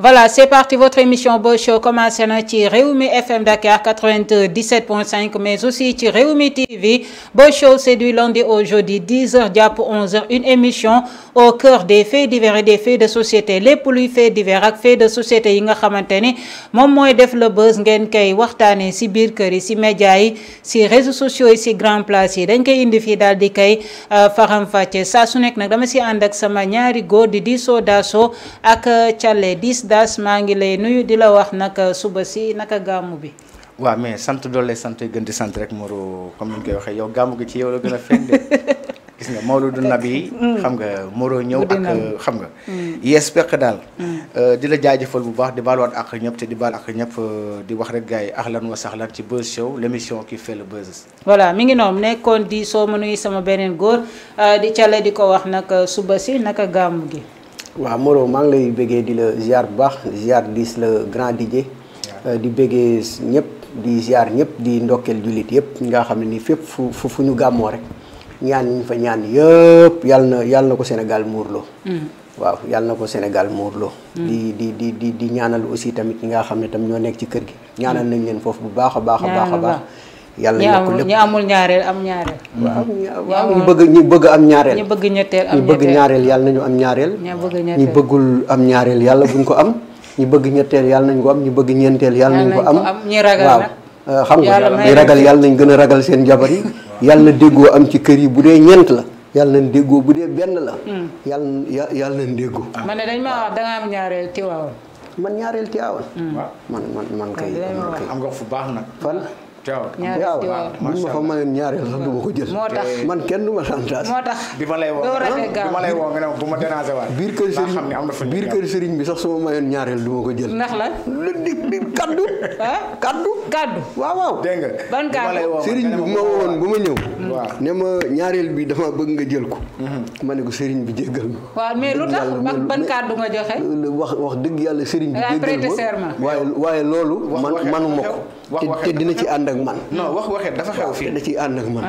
voilà c'est parti votre émission Buzz commencé na ci Rewmi FM Dakar 97.5 mais aussi ci Rewmi TV Buzz Show c'est du lundi au jeudi 10h jàpp 11 une émission au cœur des faits divers et des faits de société lépp luy fait divers ak fait de société yi nga xamante ni moom mooy def le buzz ngeen koy waxtaanee si biir kër yi si média yi si réseaux sociaux yi si grand place yi dañ koy indi fii daal di koy euh, faram sa su nekk nag dama si ànd ak sama ñaari góor di diisoo daasoo ak euh, Thialé diis daas maa ngi lay nuyu di la wax naka euh, suba si naka gàmmu bi. waaw mais sant doole sant gën di sant rek Moreau comme mu ñu koy waxee yow gàmmu ci yow gis nga Mawludu Nabi hmm. xam nga moro ñëw ak euh, xam nga hmm. yees peq daal hmm. euh, di la jaajëfal bu baax di baaluwaat ak ñëpp te di baal ak ñëpp euh, di wax rek gars yi ahlan wa sahlan ci Buzz Show l'émission qui fait le buzz mi ngi noonu nekkoon di soo ma nuyu sama beneen góor di cale di ko wax nag suba si naka gàmmu gi waaw moro maa ngi lay bëggee di la ziar bu baax ziar dis le grand DJ di bëggee ñëpp di ziar ñëpp di ndokkeel jullit yëpp nga xam ne ni fépp fu fu ñu gàmmoo rek ñaan yi ñu fa ñaan yëpp yàlla na yàlla ko Sénégal muurloo. waaw yàlla na ko Sénégal muurloo. Mm. Mm. di di di di di ñaanal aussi tamit ñi nga xam ne tam ñoo nekk ci kër gi. ñaanal nañ leen foofu bu baax a baax a baax a baax. yàlla yokk lépp ñi amul am ñaareel. ñu bëgg am ñaareel. bëgg ñetteel am ñetteel ñaareel yàlla nañu am ñaareel. ñu bëggul am ñaareel yàlla buñ ko am. ñu bëgg ñetteel yàlla nañ ko am ñu bëgg ñeenteel yàlla nañu ko am. waaw euh, xam nga ragal yàlla nañ gën a ragal seen jabar yi yàlla na déggoo am ci kër yi bu dee ñeent la yàlla nañ déggoo bu dee benn la. Hmm. yàlla na yàlla nañ déggoo. Ah. man ne dañ maa wax da am ñaareel Tiwaawan. man ñaareel Tiwaawan. Hmm. man man man kay. am nga fu baax nag waaw man ma fa mayoon ñaareel sax ko jël. moo tax man kenn du ma santaas. moo tax ma lay woo ah? bi ma lay woo nga ne bu ma déranger waat. biir kër sëriñ biir kër sëriñ bi sax su ma mayoon ñaareel du ko jël. ndax la di di kaddu. ah kaddu. kaddu waaw waaw. dégg nga ban kaddu sëriñ bi bu ma woon bu ma ñëw. waaw ne ma ñaareel bi dafa bëgg nga jël ko. Mhm. ma ne ko sëriñ bi jéggal ma. waaw mais lu tax ban kaddu nga joxe. wax wax dëgg yàlla sëriñ bi. jéggal ma waaye waaye loolu man manuma ko te dina ci ànd ak man. Ah. non ah, wax waxeet dafa xew fii da ciy ànd ak man.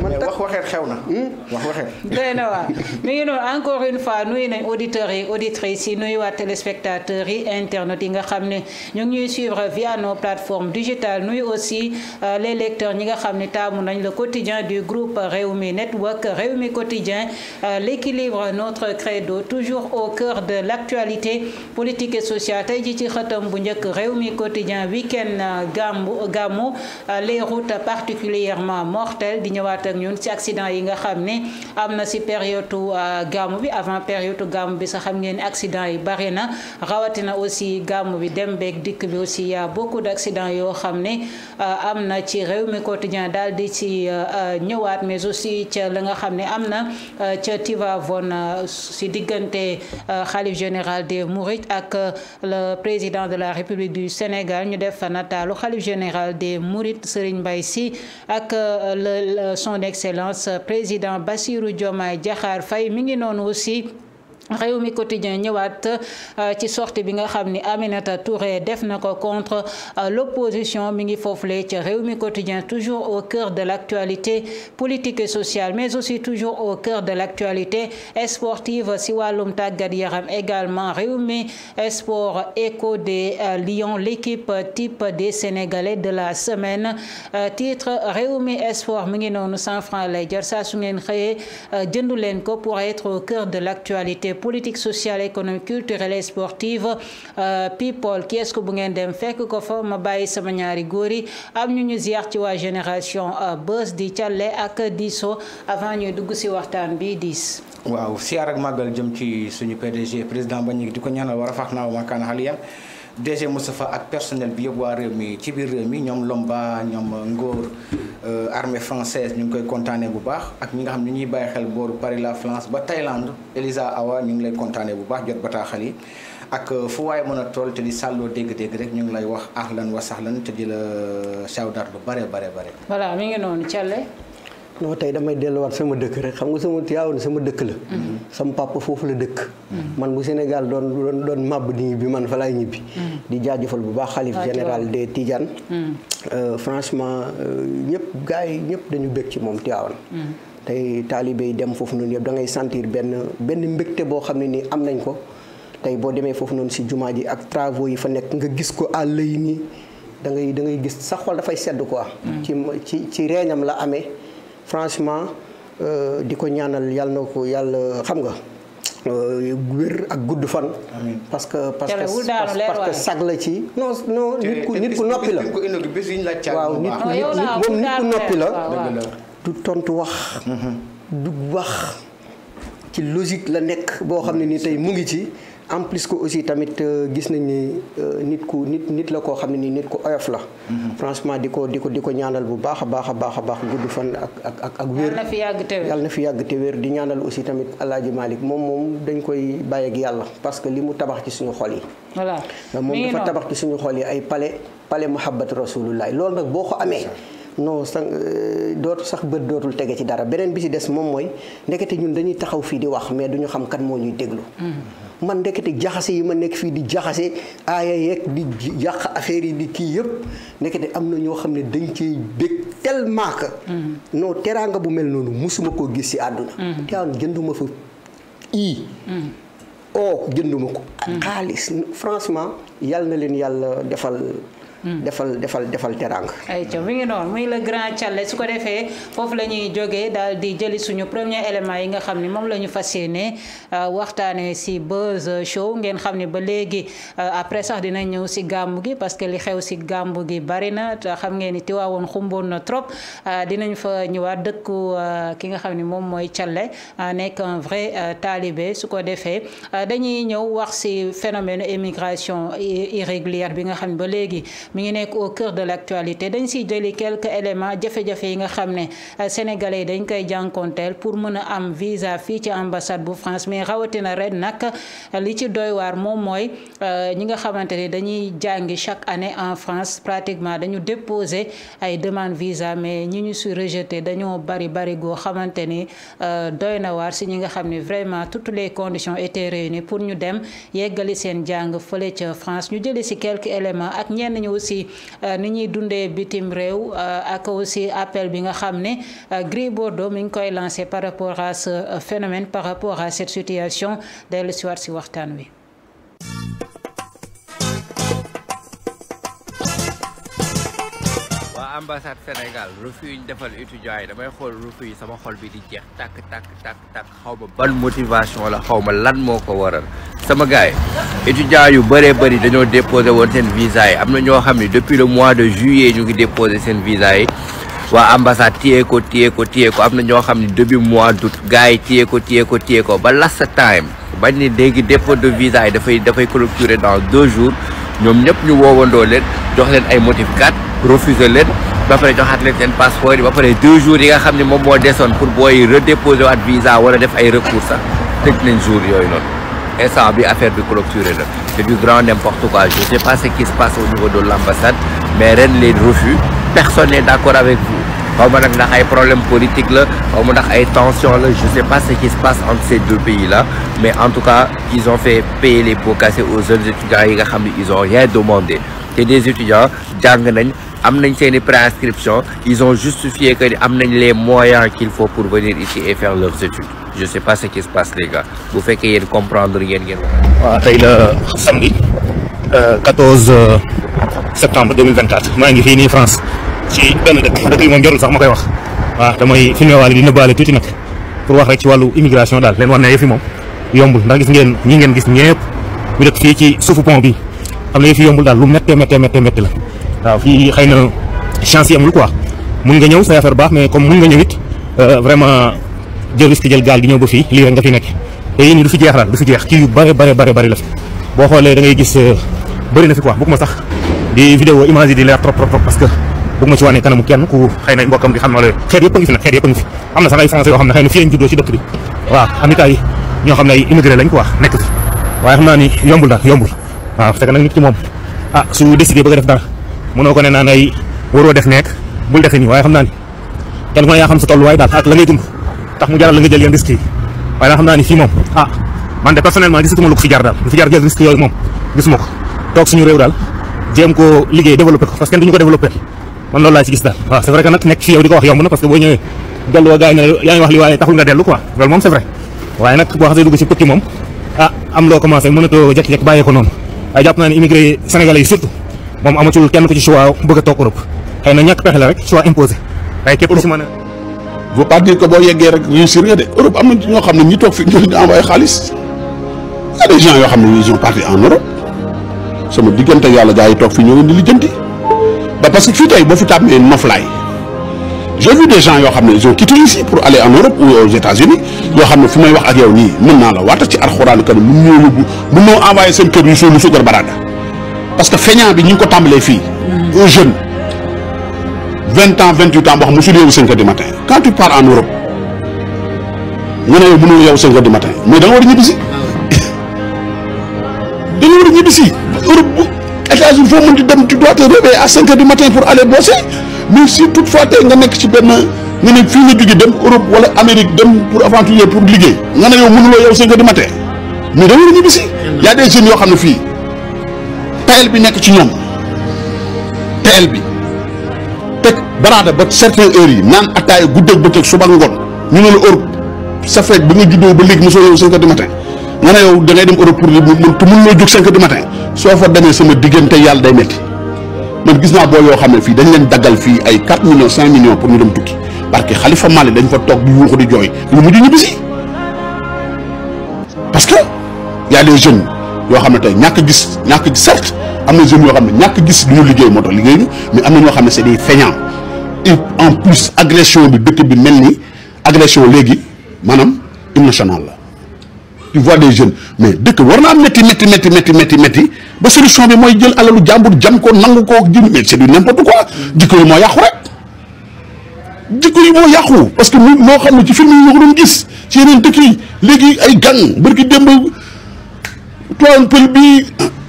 man wax waxeet xew na. Hmm? wax waxeet. doy na ngi noonu encore une fois nuyu nañ auditeurs yi auditrices yi nuyuwaat téléspectateurs yi internet yi nga xam ne ñu ngi ñuy suivre via nos plateformes digitales nuyu aussi euh, les lecteurs ñi nga xam ne taamu nañ le quotidien du groupe Réwmi Network Réwmi quotidien euh, l'équilibre notre credo toujours au cœur de l'actualité politique et sociale tey ji ci xëtam bu njëkk Réwmi quotidien week gàmmu gàmmu euh, les routes particulièrement mortelles di ñëwaat ak ñun ci accident yi nga xam ne am na si période euh, gàmmu bi avant période gàmmu bi sa xam ngeen ne accident yi bari na rawatina aussi gàmmu bi dem beeg dikk bi aussi y a d' accident yoo xam ne euh, am na ci réew mi quotidien daal di ci ñëwaat mais aussi ca la nga xam ne am na ca Tivaouane si diggante xalif général des Mourides ak le président de la République du Sénégal ñu def fa nataal nataalu xalif général des Mourides Serigne mbay si ak euh, le son excellence président Bassirou Diomaye Diakhar fay mi ngi noonu aussi réew mi quotidien ñëwaat euh, ci sortie bi nga xam ni Aminata Touré def na ko contre euh, l'opposition mi ngi foofule ci réew mi quotidien toujours au cœur de l'actualité politique et sociale mais aussi toujours au cœur de l'actualité sportive si wàllum tàggat yaram également réew mi sport écho des euh, Lions l'équipe type des Sénégalais de la semaine titre réew mi sport mi ngi noonu cent francs lay jar saa su ngeen xëyee jëndu leen ko pour être au cœur de l'actualité politique sociale économique culturelle et sportive euh, people ki est-ce que bu ngeen dem fekk ko fa ma bàyyi sama ñaari góor yi am ñu ñu ziar ci waa génération euh, bës di càlle ak diiso avant ñuy dugg si waxtaan bi diis. waaw si siyaar ak màggal jëm ci suñu PDG président Mbagnick di ko ñaanal war a fax naaw makaan xaliyan DG Moustapha ak personnel bi yëpp waa réew mi ci biir réew mi ñoom Lomba ñoom Ngor euh, armée française ñu ngi koy kontaanee bu baax ak ñi nga xam ne ñuy bàyyi xel booru Paris la France ba Thaïlande Elisa Awa ñu ngi lay kontaanee bu baax jot bataaxal yi ak euh, fu waaye mën a tool te di sàlloo dégg-dégg rek ñu ngi lay wax lan wa sahlan te di la euh, sawdar lu bare bare bare. voilà mi ngi noonu Thialé. non tey damay delluwaat sama dëkk rek xam nga sama Tiwaawan sama dëkk la. Mm-hmm. sama papa foofu la dëkk. Mm-hmm. man bu Sénégal doon doon doon màbb di ñibbi man fa laay ñibbi. Mm-hmm. di jaajëfal bu baax xalif général de Tidianes. Euh, franchement euh, ñëpp gars yi ñëpp dañu bëgg ci moom Tiwaawan. tey taalibe yi dem foofu noonu yëpp da sentir benn benn mbégte boo xam ne nii am nañ ko tey boo demee foofu noonu si jumaa ji ak travaux yi fa nekk nga gis ko àll yi nii da ngay gis sa xol dafay sedd quoi. ci ci reeñam la amee. franchement euh, di ko ñaanal yàlla na ko yàlla xam nga euh, wér ak gudd fan. parce que parce que parce que sag la ci. non non nit ku noppi la. waaw nit ku moom nit ku noppi la. du tontu wax. Mhm. du wax ci logique la nekk boo xam ne ni tey mu ngi ci. en plus que aussi tamit euh, gis nañ ni euh, nit ku nit nit la koo xam ne nii nit ku oyof la. Mhm. franchement di ko di ko di ko ñaanal bu baax a baax a baax a baax gudd fan ak ak ak ak wér. yàlla na fi yàgg te na fi yàgg te di ñaanal aussi tamit El Hadj Malick moom moom dañ koy bàyyeek yàlla parce que li mu tabax ci suñu xol yi. voilà moom dafa tabax ci suñu xol yi ay palais palais muhabbat rasulullah loolu nag boo ko amee. non sa euh, dootu sax bët dootul tege ci dara beneen bi si des moom mooy ndekete ñun dañuy taxaw fii di wax mais duñu xam kan moo ñuy déglu. Mhm. man ndekete jaxase yi ma nekk fii di jaxase aaya yeeg di yàq affaire yi di kii yëpp ndekete am na ñoo xam ne dañ ciy bég tellement que. Mm-hmm. non teraanga bu mel noonu mosuma koo gis si àdduna. Mm-hmm. teewaan jënduma fa i mm-hmm. o oh, jënduma ko. xaalis franchement yal na leen yàlla defal. Mm. defal defal defal teraanga. ayca mi ngi noonu muy le grand Thialé su ko defee foofu la ñuy jógee daal di jëli suñu premier élément yi nga xam ni moom la ñu fas yéene euh, si buzz show ngeen xam ne ba léegi euh, après sax dina ñëw si gàmmu gi parce que li xew si gàmmu gi bari na te xam ngeen ni Tiwaawoon xumboon na trop euh, dinañ fa ñëwaat dëkku ki nga xam ne moom mooy Thialé nekk un vrai talibé su ko defee dañuy ñëw wax si phénomène immigration irrégulière bi mi ngi nekk au cœur de l' actualité dañ siy jëli quelques éléments jafe-jafe yi nga xam ne euh, yi dañ koy jànkonteel pour mën a am visa fii ci ambassade bu France mais rawatina ren nag euh, li ci doy waar moom mooy euh, ñi nga xamante ni dañuy jàngi chaque année en France pratiquement dañu déposer ay demande visa mais ñi ñu si rejeté dañoo bari bari goo xamante ni doy na waar si ñi nga xam ne vraiment toutes les conditions étaient réunies pour ñu dem yeggali aussi euh, ni ñuy dundee bitim réew euh, ak aussi appel bi nga xam ne euh, Gris Bordeaux mi ngi koy lancé par rapport a ce phénomène par rapport à cette situation dellu si waat si waxtaan wi. ambassade Sénégal refus yi ñu defal étudiants yi damay xool refus yi sama xol bi di jeex tàkk tàkk tàkk tàkk xaw ma ban motivation la xaw ma lan moo ko waral sama gars yi étudiants yu bëree bëri dañoo déposé woon seen visa yi am na ñoo xam ne depuis le mois de juillet ñu ngi déposé seen visa yi waa ambassade téye ko téye ko téye ko am na ñoo xam ne début mois d'août gars yi téye ko téye ko téye ko ba last time bañ ni léegi dépôt de visa yi dafay dafay clôturer dans deux jours ñoom ñëpp ñu woowandoo leen jox leen ay motif 4 refusé leen ba pare joxaat leen seen passeport yi ba pare deux jours yi nga xam ne moom moo desoon pour booy redéposer waat ay recours yooyu noonu instant bi affaire bi clôturée la c'est du grand n'importe quoi je sais pas ce qui se passe au niveau de l'ambassade mais ren les refus personne n'est d'accord avec vous xaw ma nag ay problème politique la xaw ma ndax ay tension la je sais pas ce qui se passe entre ces deux pays là mais en tout cas ils ont fait payer les pots cassés aux jeunes étudiants yi nga xam ne ils ont rien demandé te des étudiants jàng nañ am nañ seen i préinscription ils ont justifié que am nañ les moyen qu'il faut pour venir ici et faire leurs études je sais pas ce qui se passe les gars bu fekkee yéen comprendre yéen ngeen waaw tey la samedi 14 euh, euh, septembre 2024 maa ngi fii nii France ci benn dëkk dëkk moom jarul sax ma koy wax waaw damay filmé waale di nëbbaale tuuti nag pour wax rek ci wàllu immigration daal leen war ne fi yi moom yombul ndax gis ngeen ñi ngeen gis ñëpp ñu dëkk fii ci suufu pont bi am na yëf yi lu méttee méttee méttee waaw fii xëy na chance yi amul quoi mun nga ñëw say affaire baax mais comme mun nga ñëw euh, vraiment jël risque jël gaal gi ñëw ba fii lii rek nga fi nekk te yéen ñi du fi jeex daal du fi jeex kii yu bare bare bare la fi boo xoolee da ngay gis euh, bëri na fi quoi bëgg ma sax di vidéo image yi di leer trop trop trop parce que bëgg ma ci wane kanamu kenn ku xëy na di xam na xeet yëpp a ngi fi nag xeet yëpp a ngi fi am na sax ay fii lañ juddoo ci dëkk bi mënoo ko ne naan ay waroo def nekk bul defe nii waaye xam naa ni kenn ku yaa xam sa tolluwaay daal ak la ngay dund tax mu jaral la nga jël yenn risques yi waaye daal xam naa ni fii moom ah man de personnellement gisatuma lu ko daal lu fi jël risques yooyu moom gisuma ko toog suñu réew daal jéem koo liggéey développé ko parce que kenn duñu ko développé man loolu laa ci gis daal waaw c'est vrai que nag nekk fii yow di ko wax yomb na parce que moom amatul kenn ku ci choix bëgg a toog Europe xëy na ñàkk pexe la rek choix imposé waaye képp ku boo yeggee rek réussir nga de Europe am na ñoo xam ne ñi toog fi ñu ñu envoyé xaalis y a des yoo xam ne ils sont partis en Europe sama diggante yàlla gars yi toog fi ñoo ngi li jënti ba parce que fii tey boo fi tàmmee noflaay j'ai vu des gens yoo xam ne ils pour aller en Europe xam ne fi may wax ak la waata ci alxuraan kan mën ñoo yóbbu mën ñoo envoyé seen kër yu soo lu suukar baraada parce que feeñaa bi ñu ngi ko tàmbalee fii. Mm. un jeune vingt ans vingt huit ans boo xam mosul yeewu cinq heures du matin quand tu pars en Europe nga ne yow mënoo yeewu cinq heures du matin mais da war a ñibbisi da nga war a ñibbisi Europe dem tu dois te réveiller à cinq heures du matin pour aller nekk ci benn nga ne fii nga jóge dem Europe wala Amérique dem pour aventurier pour nga ne yow nga war a mm. yoo xam ne fii. tayal bi nekk ci ñoom tayal bi teg baraada ba certaines heures yi naan attaaya guddeeg bëccëg suba ngoon ñu ne la Europe sa feet ba nga juddoo ba léegi mosoo yow 5 heures du matin nga ne yow da dem Europe pour te mun loo jóg 5 heures du matin soo fa demee sama diggante yàlla day metti man gis naa boo yoo xam ne fii dañ leen daggal fii ay 4 millions 5 millions pour ñu dem tukki parce que Xalifa Mali dañ fa toog di yuuxu di jooy ñu mujj parce que y des jeunes. yoo xam ne tey ñàkk gis ñàkk gis certes am na jeunes yoo xam ne ñàkk gis lu ñu liggéey moo tax liggéey ñu mais am na ñoo xam ne c'est des feignants et en plus agression bi dëkk bi mel ni agression léegi maanaam international la tu vois des jeunes mais dëkk war na am métti métti métti métti ba solution bi mooy jël alalu jàmbur jam ko nangu ko jëm mais c'est du n'importe quoi jikko yi moo yàqu rek jikko yi moo yàqu parce que loo xam ne ci film yi ñu ko gis ci yeneen dëkk yi léegi ay gang bërki démb Tivaouane Peulh bii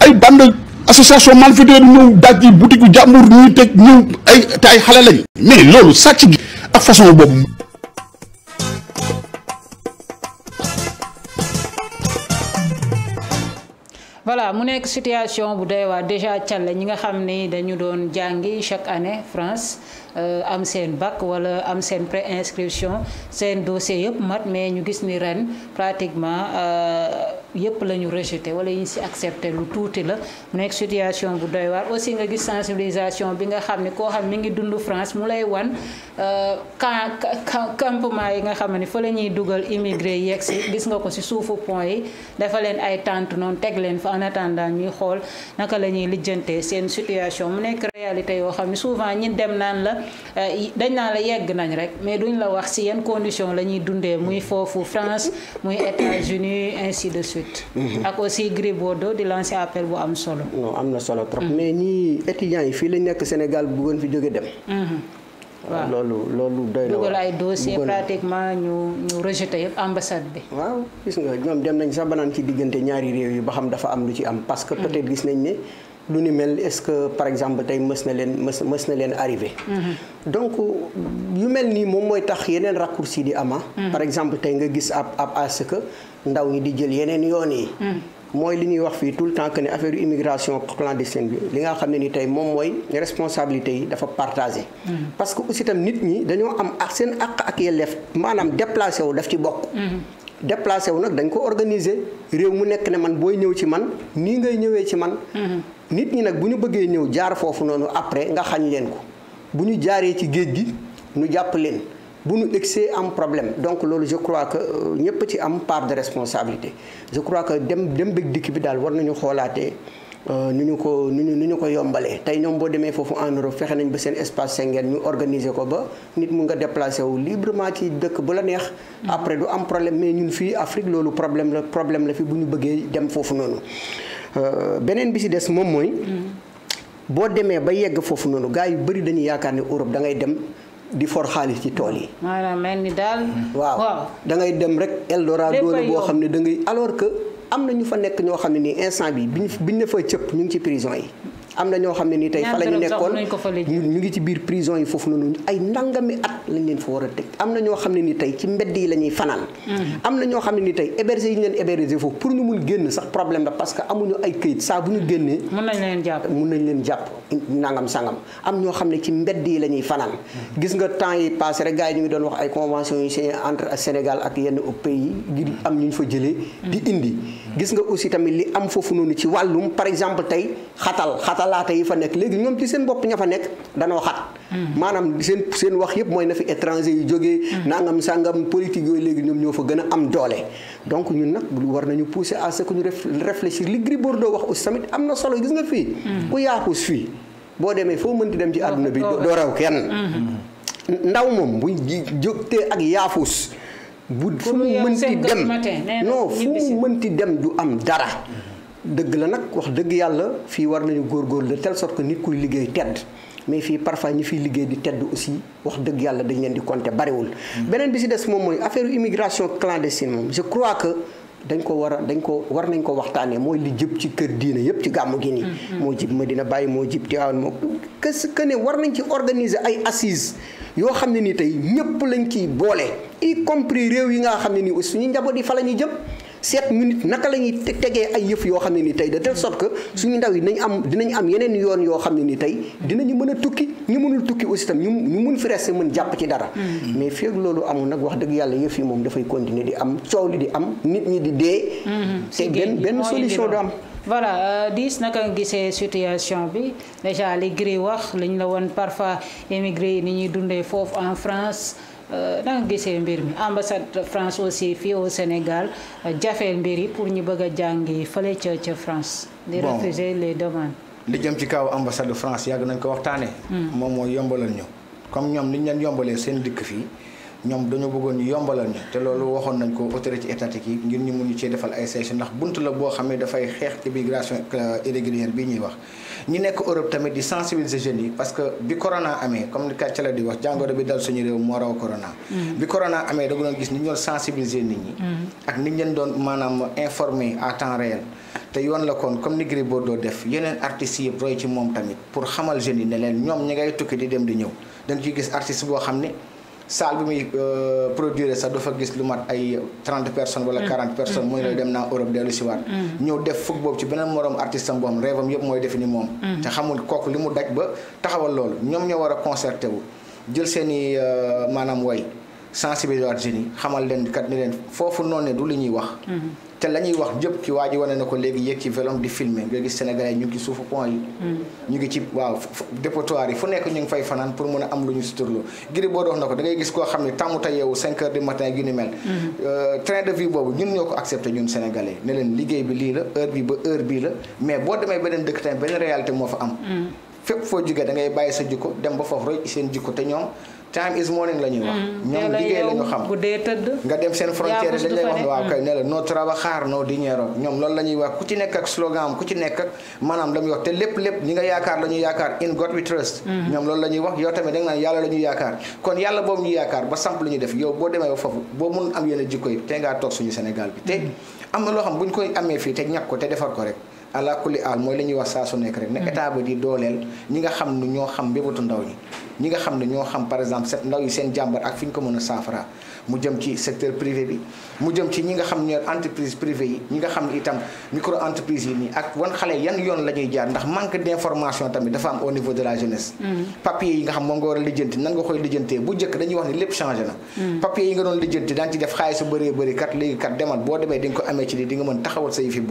ay bande association malfaiteur ñëw daaj yi boutique jàmbur ñuy teg ñëw ay te ay xale lañ mais loolu sàcc gi ak façon boobu voilà mu nekk situation bu doy waar déjà Thialé ñi nga xam ni dañu doon jàngi chaque année France euh, am seen bac wala am seen pré-inscription seen dossier yëpp mat mais ñu gis ni ren pratiquement euh, yëpp la ñu rejeté wala yi ñu si accepté lu tuuti la mu nekk situation bu doy waar aussi nga gis sensibilisation bi nga xam ne koo xam mu ngi dund France mu lay wan euh, camp campement yi nga xam ne fa la ñuy dugal immigré yeeg si gis nga ko si suufu pont yi dafa leen ay tente noonu teg leen fa en attendant ñuy xool naka la ñuy lijjantee seen situation mu nekk réalité yoo xam ne souvent ñi dem naan la euh, dañ naan la yegg nañ rek mais duñ la wax si yan condition la ñuy dundee muy foofu France muy suite. ak aussi Gris Bordeaux di lancer appel bu am solo. non am na solo trop. mais ñii étudiants yi fii lañ nekk Sénégal bu gën fi jóge dem. Mhm. waaw loolu loolu doy na dugal ay dossier pratiquement ñu ñu rejeté yëpp ambassade bi. waaw gis nga ñoom dem nañ sax banaan ci diggante ñaari réew yi ba xam dafa am lu ci am. parce que mhm. gis nañ ne. lu ni mel est-ce que par exemple tey mës na leen mës na leen arrivé. Mm-hmm. donc yu mel nii moom mooy tax yeneen raccourci di ama ah. mm-hmm. par exemple tey nga gis ab ab à ndaw ñi di jël yeneen yoon yi. Mm-hmm. mooy li ñuy wax fii tout le temps que ne affaire immigration clandestine bi li nga xam ne ni tey moom mooy responsabilité yi dafa partagé. parce que aussi tam nit ñi dañoo am ak seen àq ak yelleef maanaam déplacé wu daf ci bokk. déplacé wu nag dañ ko organiser réew mu nekk ne man booy ñëw ci man nii ngay ñëwee ci man. nit ñi nag bu ñu bëggee ñëw jaar foofu noonu après nga xañ leen ko bu ñu jaaree ci géej gi ñu jàpp leen bu ñu egsee am problème donc loolu je crois que euh, ñëpp ci am part de responsabilité je crois que dem dem bëgg dikk bi daal war nañu xoolaatee euh, nu ñu ko nu ñu nu ñu ko yombalee tey ñoom boo demee foofu en Europe fexe nañ ba seen espace Schengen ñu organiser ko ba nit mu nga déplacé wu librement ci dëkk bu la neex. après du am problème mais ñun fii Afrique loolu problème la problème la fi bu ñu bëggee dem foofu noonu. Euh, beneen bi si des moom mooy. boo demee ba yegg foofu noonu gars yu bëri dañuy yaakaar ne Europe da ngay dem di for xaalis ci tool yi. maanaam mel ni daal. waaw da ngay dem rek Eldorado la boo xam ne da ngay alors que am na ñu fa nekk ñoo xam ne ni instant bi bi ñu ne fa cëp ñu ngi ci prison yi. am na ñoo xam ne nii tey fa la ñu nekkoon ñu ngi ci biir prison yi foofu noonu ay nangami at lañ leen fa war a teg am na ñoo xam ne nii tey ci mbedd yi la ñuy fanaan mm. am na ñoo xam ne nii tey hébergé yi ñu leen hébergé foofu pour ñu mun génn sax problème la parce que amuñu ay këyit saa bu ñu génnee mun nañ leen jàpp mun nañ leen jàpp nangam sangam am ñoo xam ne ci mbedd yi la ñuy fanaan mm. gis nga temps yi passé rek gars yi ñu ngi doon wax ay convention yu signé entre Sénégal ak yenn pays yi ngir am ñu ñu fa jëlee di mm. indi gis nga aussi tamit li am foofu noonu ci wàllum par exemple tey xatal xatalaate yi fa nekk léegi ñoom ci seen bopp ña fa nekk danoo xat hmm. maanaam seen seen wax yëpp mooy na fi étranger yu jógee hmm. nangam sàngam politique yooyu léegi ñoom ñoo fa gën am doole donc ñun nag war nañu pousser à ce que ñu li Gris Bordeaux wax aussi tamit am na solo gis nga fii hmm. ku yaaxus fii boo demee foo mënti dem ci àdduna bi doo raw kenn ndaw moom bu jógtee ak yaafus bu fu mu mënti dem non fu mu mënti dem du am dara dëgg la nag wax dëgg yàlla fii war nañu góor góor de tele sorte que nit kuy liggéey tedd mais fii parfois ñi fiy liggéey di tedd aussi wax dëgg yàlla dañ leen di compter bariwul hmm. beneen bi si des moom mooy affaire immigration clandestine moom je crois que dañ ko war dañ ko war nañ ko waxtaanee mooy li jëb ci kër diine yëpp ci gàmmu gi nii hmm, hmm. moo jib Medina Baye moo jib Tivaouane moo que ne war nañ ci organiser ay assises yoo xam ne ni tey ñëpp lañ ciy boole y compris réew yi nga xam ne ni aussi suñu njaboot yi fa la jëm seet ñu nit naka la ñuy tegee ay yëf yoo xam ne ni tey de telle sorte su suñu ndaw yi dinañ am dinañ am yeneen yoon yoo xam ne ni tey dinañu mën a tukki ñu mënul tukki aussi tam ñu ñu mun fi resté mën jàpp ci dara mm. mais feeg loolu amul nag wax dëgg yàlla yëf yi moom dafay continuer di am coow li di am nit ñi di dee mm-hmm. c'est benn benn solution du am voilà euh, diis naka nga gisee situation bi déjà li gri wax liñ la woon parfois émigré yi ni ñuy dundee foofu en France euh, naka nga gisee mbir mi ambassade France aussi fii au Sénégal euh, jafeel mbir yi pour ñu bëgg a jàngi fële ca ca France. di refuser les demandes. li jëm ci kaw ambassade de France yàgg nañ ko waxtaanee. Hmm. moom moo yombalal ñu. comme ñoom liñ leen yombalee seen dikk fii. ñoom dañoo bëggoon ñu yombalal ñu te loolu waxoon nañ ko autorité étatique yi ngir ñu mun cee defal ay session ndax bunt la boo xam ne dafay xeex immigration euh, irrégulière bi ñuy wax ñi nekk Europe tamit di sensibiliser jeunes yi parce mm. nit ñi mm. doon maanaam informer à temps te yoon la kon comme ni Gris Bordeaux def yeneen artistes yëpp roy ci moom tamit pour xamal jeunes yi ñoom ñi ngay tukki di dem di ñëw da nga gis artiste boo xam ne salle bi muy euh, produire sax dafa gis lu mat ay trente personnes wala mm. quarante personnes mm. muy la dem naa Europe dellu si waat mm. ñëw def fukk boobu ci beneen moroom artiste am boo xam rêve mooy defi moom te xamul kooku li mu daj ba taxawal loolu ñoom ñoo war a concerté wu jël seen i euh, maanaam way sensibiliser waat jeunes yi xamal leen kat ni leen foofu noonu ne du li ñuy wax mm-hmm. te la ñuy wax jëpp ki waa ji wane na ko léegi yéeg ci velom di filmer nga gis sénégalais ñu ngi ci suufu pont yi mm. ñu ngi ci waaw dépotoir yi fu nekk ñu ngi fay fanaan pour mën a am lu ñu suturlu giri boo dox na ko da gis koo xam ne tàmmuta yeewu 5 heures du matin gi ni mel mm-hmm. euh, train de vie boobu ñun ñoo ko accepté ñun sénégalais ne leen liggéey bi lii la heure bi ba heure bii la mais boo demee beneen dëkk tamit benn réalité moo fa am mm. fépp foo jógee sa jikko dem ba foofu roy seen jikko time is morning la ñuy wax. Mm. ñoom liggéey la ñu xam guddee tëdd. nga dem seen frontière dañ lay wax waaw kay ne la mm. no trabajar no ñoom loolu la ñuy wax ku ci nekk ak slogan am ku ci nekk ak maanaam la muy wax te lépp lépp ñi nga yaakaar la ñuy yaakaar in God we trust. Mm. ñoom loolu la ñuy wax yow tamit da nga naan yàlla la ñuy yaakaar kon yàlla boobu ñu yaakaar ba samp lu def yow boo demee ba foofu boo mun am yenn jikko yi te ngaa toog suñu Sénégal bi te am na loo bu ñu koy amee fii te ñàkk ko te defar ko rek ala kulli aal mooy la ñuy wax saa su nekk rek. ne mm. état di dooleel ñi nga xam ne ñoo xam mbébatu ndaw ñi. ñi nga xam ne ñoo xam par exemple ndaw yi seen jàmbar ak fi ñu ko mën a saafara mu jëm ci secteur privé bi mu jëm ci ñi nga xam ne entreprise privée yi ñi nga xam itam micro entreprise yi nii ak wan xale yan yoon la jaar ndax manque d'information tamit dafa am au niveau de la jeunesse mm. papier yi nga xam moom nga war a lijjanti nan nga koy lijjantee bu njëkk dañuy wax ni lépp changé na mm. papier yi nga doon lijjanti daan ci def xaalis su bëree bëri kat léegi kat demal boo demee di nga ko amee ci lii di nga mën taxawal sa yëfi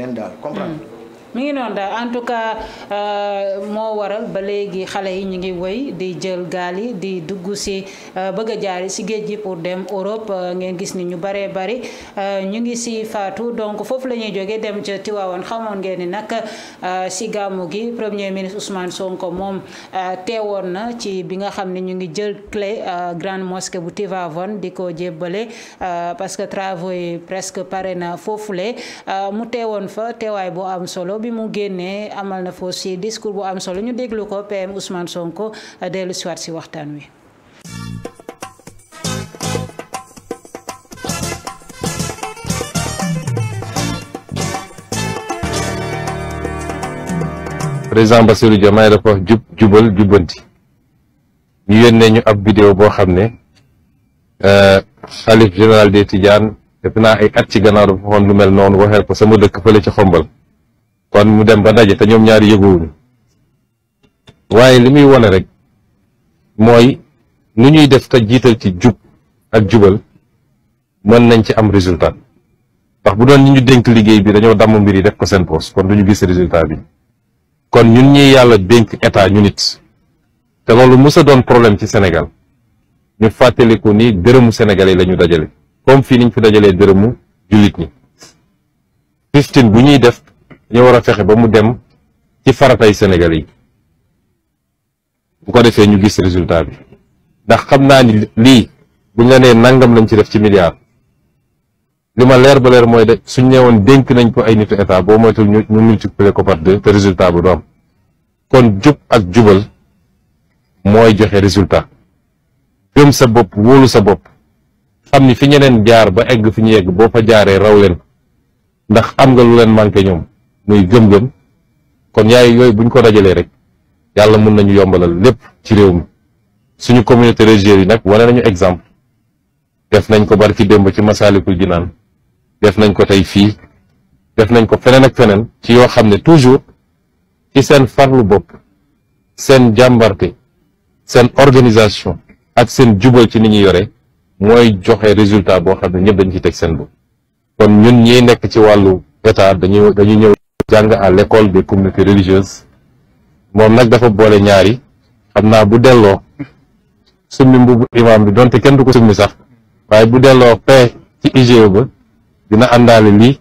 la a mi ngi noonu daal en tout cas euh, moo waral ba léegi xale yi ñu ngi woy di jël gaali di dugg si euh, bëgg a jaari si géej gi pour dem Europe euh, ngeen gis ni ñu baree bari ñu ngi si faatu donc foofu la ñuy jógee dem ca Tiwaawan xamoon ngeen ni nag si gàmmu gi premier ministre Ousmane Sonko moom teewoon na ci bi nga xam ni ñu ngi jël clé grande mosquée bu Tiwaawan di ko jébbale parce que travaux yi presque pare na foofule mu teewoon fa teewaay bu am solo. bi mu génnee amal na foofu si discours bu am solo ñu déglu ko PM Ousmane Sonko dellu siwaat si waxtaan wi. président Bassirou Diomaye dafa jubal jubbanti ñu yónnee ñu ab vidéo boo xam ne xalif euh, général des Tidiane def naa ay at ci gannaaw dafa waxoon lu mel noonu waxee ko sama dëkk fële ci xombal kon mu dem ba daje te ñoom ñaari yëguwuñu waaye li muy wane rek mooy nu ñuy def te jiital ci jub ak jubal mën nañ ci am résultat ndax bu doon ñi ñu dénk liggéey bi dañoo damm mbir yi def ko seen poos kon du ñu gis résultat bi kon ñun ñuy yàlla dénk état ñu nit te loolu mës doon problème ci senegal ñu fàttaliku ni dërëmu Sénégalais la ñu dajale comme fii niñ fi dajalee dërëmu jullit ñi. fifteen bu ñuy def dañoo war a fexe ba mu dem ci faratay Sénégal yi bu ko defee ñu gis résultat bi ndax xam naa ni lii buñ la nee nangam lañ ci def ci milliard li ma leer ba leer mooy de suñ nee denk nañ ko ay nitu état boo moytul ñu ñu multiplier ko par deux te résultat bu du am kon jub ak jubal mooy joxe résultat gëm sa bopp wóolu sa bopp xam ni fi ñeneen jaar ba egg fi ñu yegg boo fa jaaree raw leen ndax am nga lu leen manqué ñoom muy gëm-gëm kon yaay yooyu buñ ko dajalee rek yàlla mun nañu yombalal lépp ci réew mi suñu communauté religieuse yi nag wane nañu exemple def nañ ko fi démb ci masaalikul naan def nañ ko tey fii def nañ ko feneen ak feneen ci yoo xam ne toujours ci seen farlu bopp seen jàmbarte seen organisation ak seen jubal ci ni ñuy yore mooy joxe résultat boo xam ne ñëpp dañ ci teg seen bopp kon ñun ñiy nekk ci wàllu état dañuy dañuy ñëw jàng à l'école des communautés religieuses moom nag dafa boole ñaari xam naa bu delloo summi mbubu imaam bi donte kenn du ko summi sax waaye bu delloo fee ci IGE ba dina àndaale lii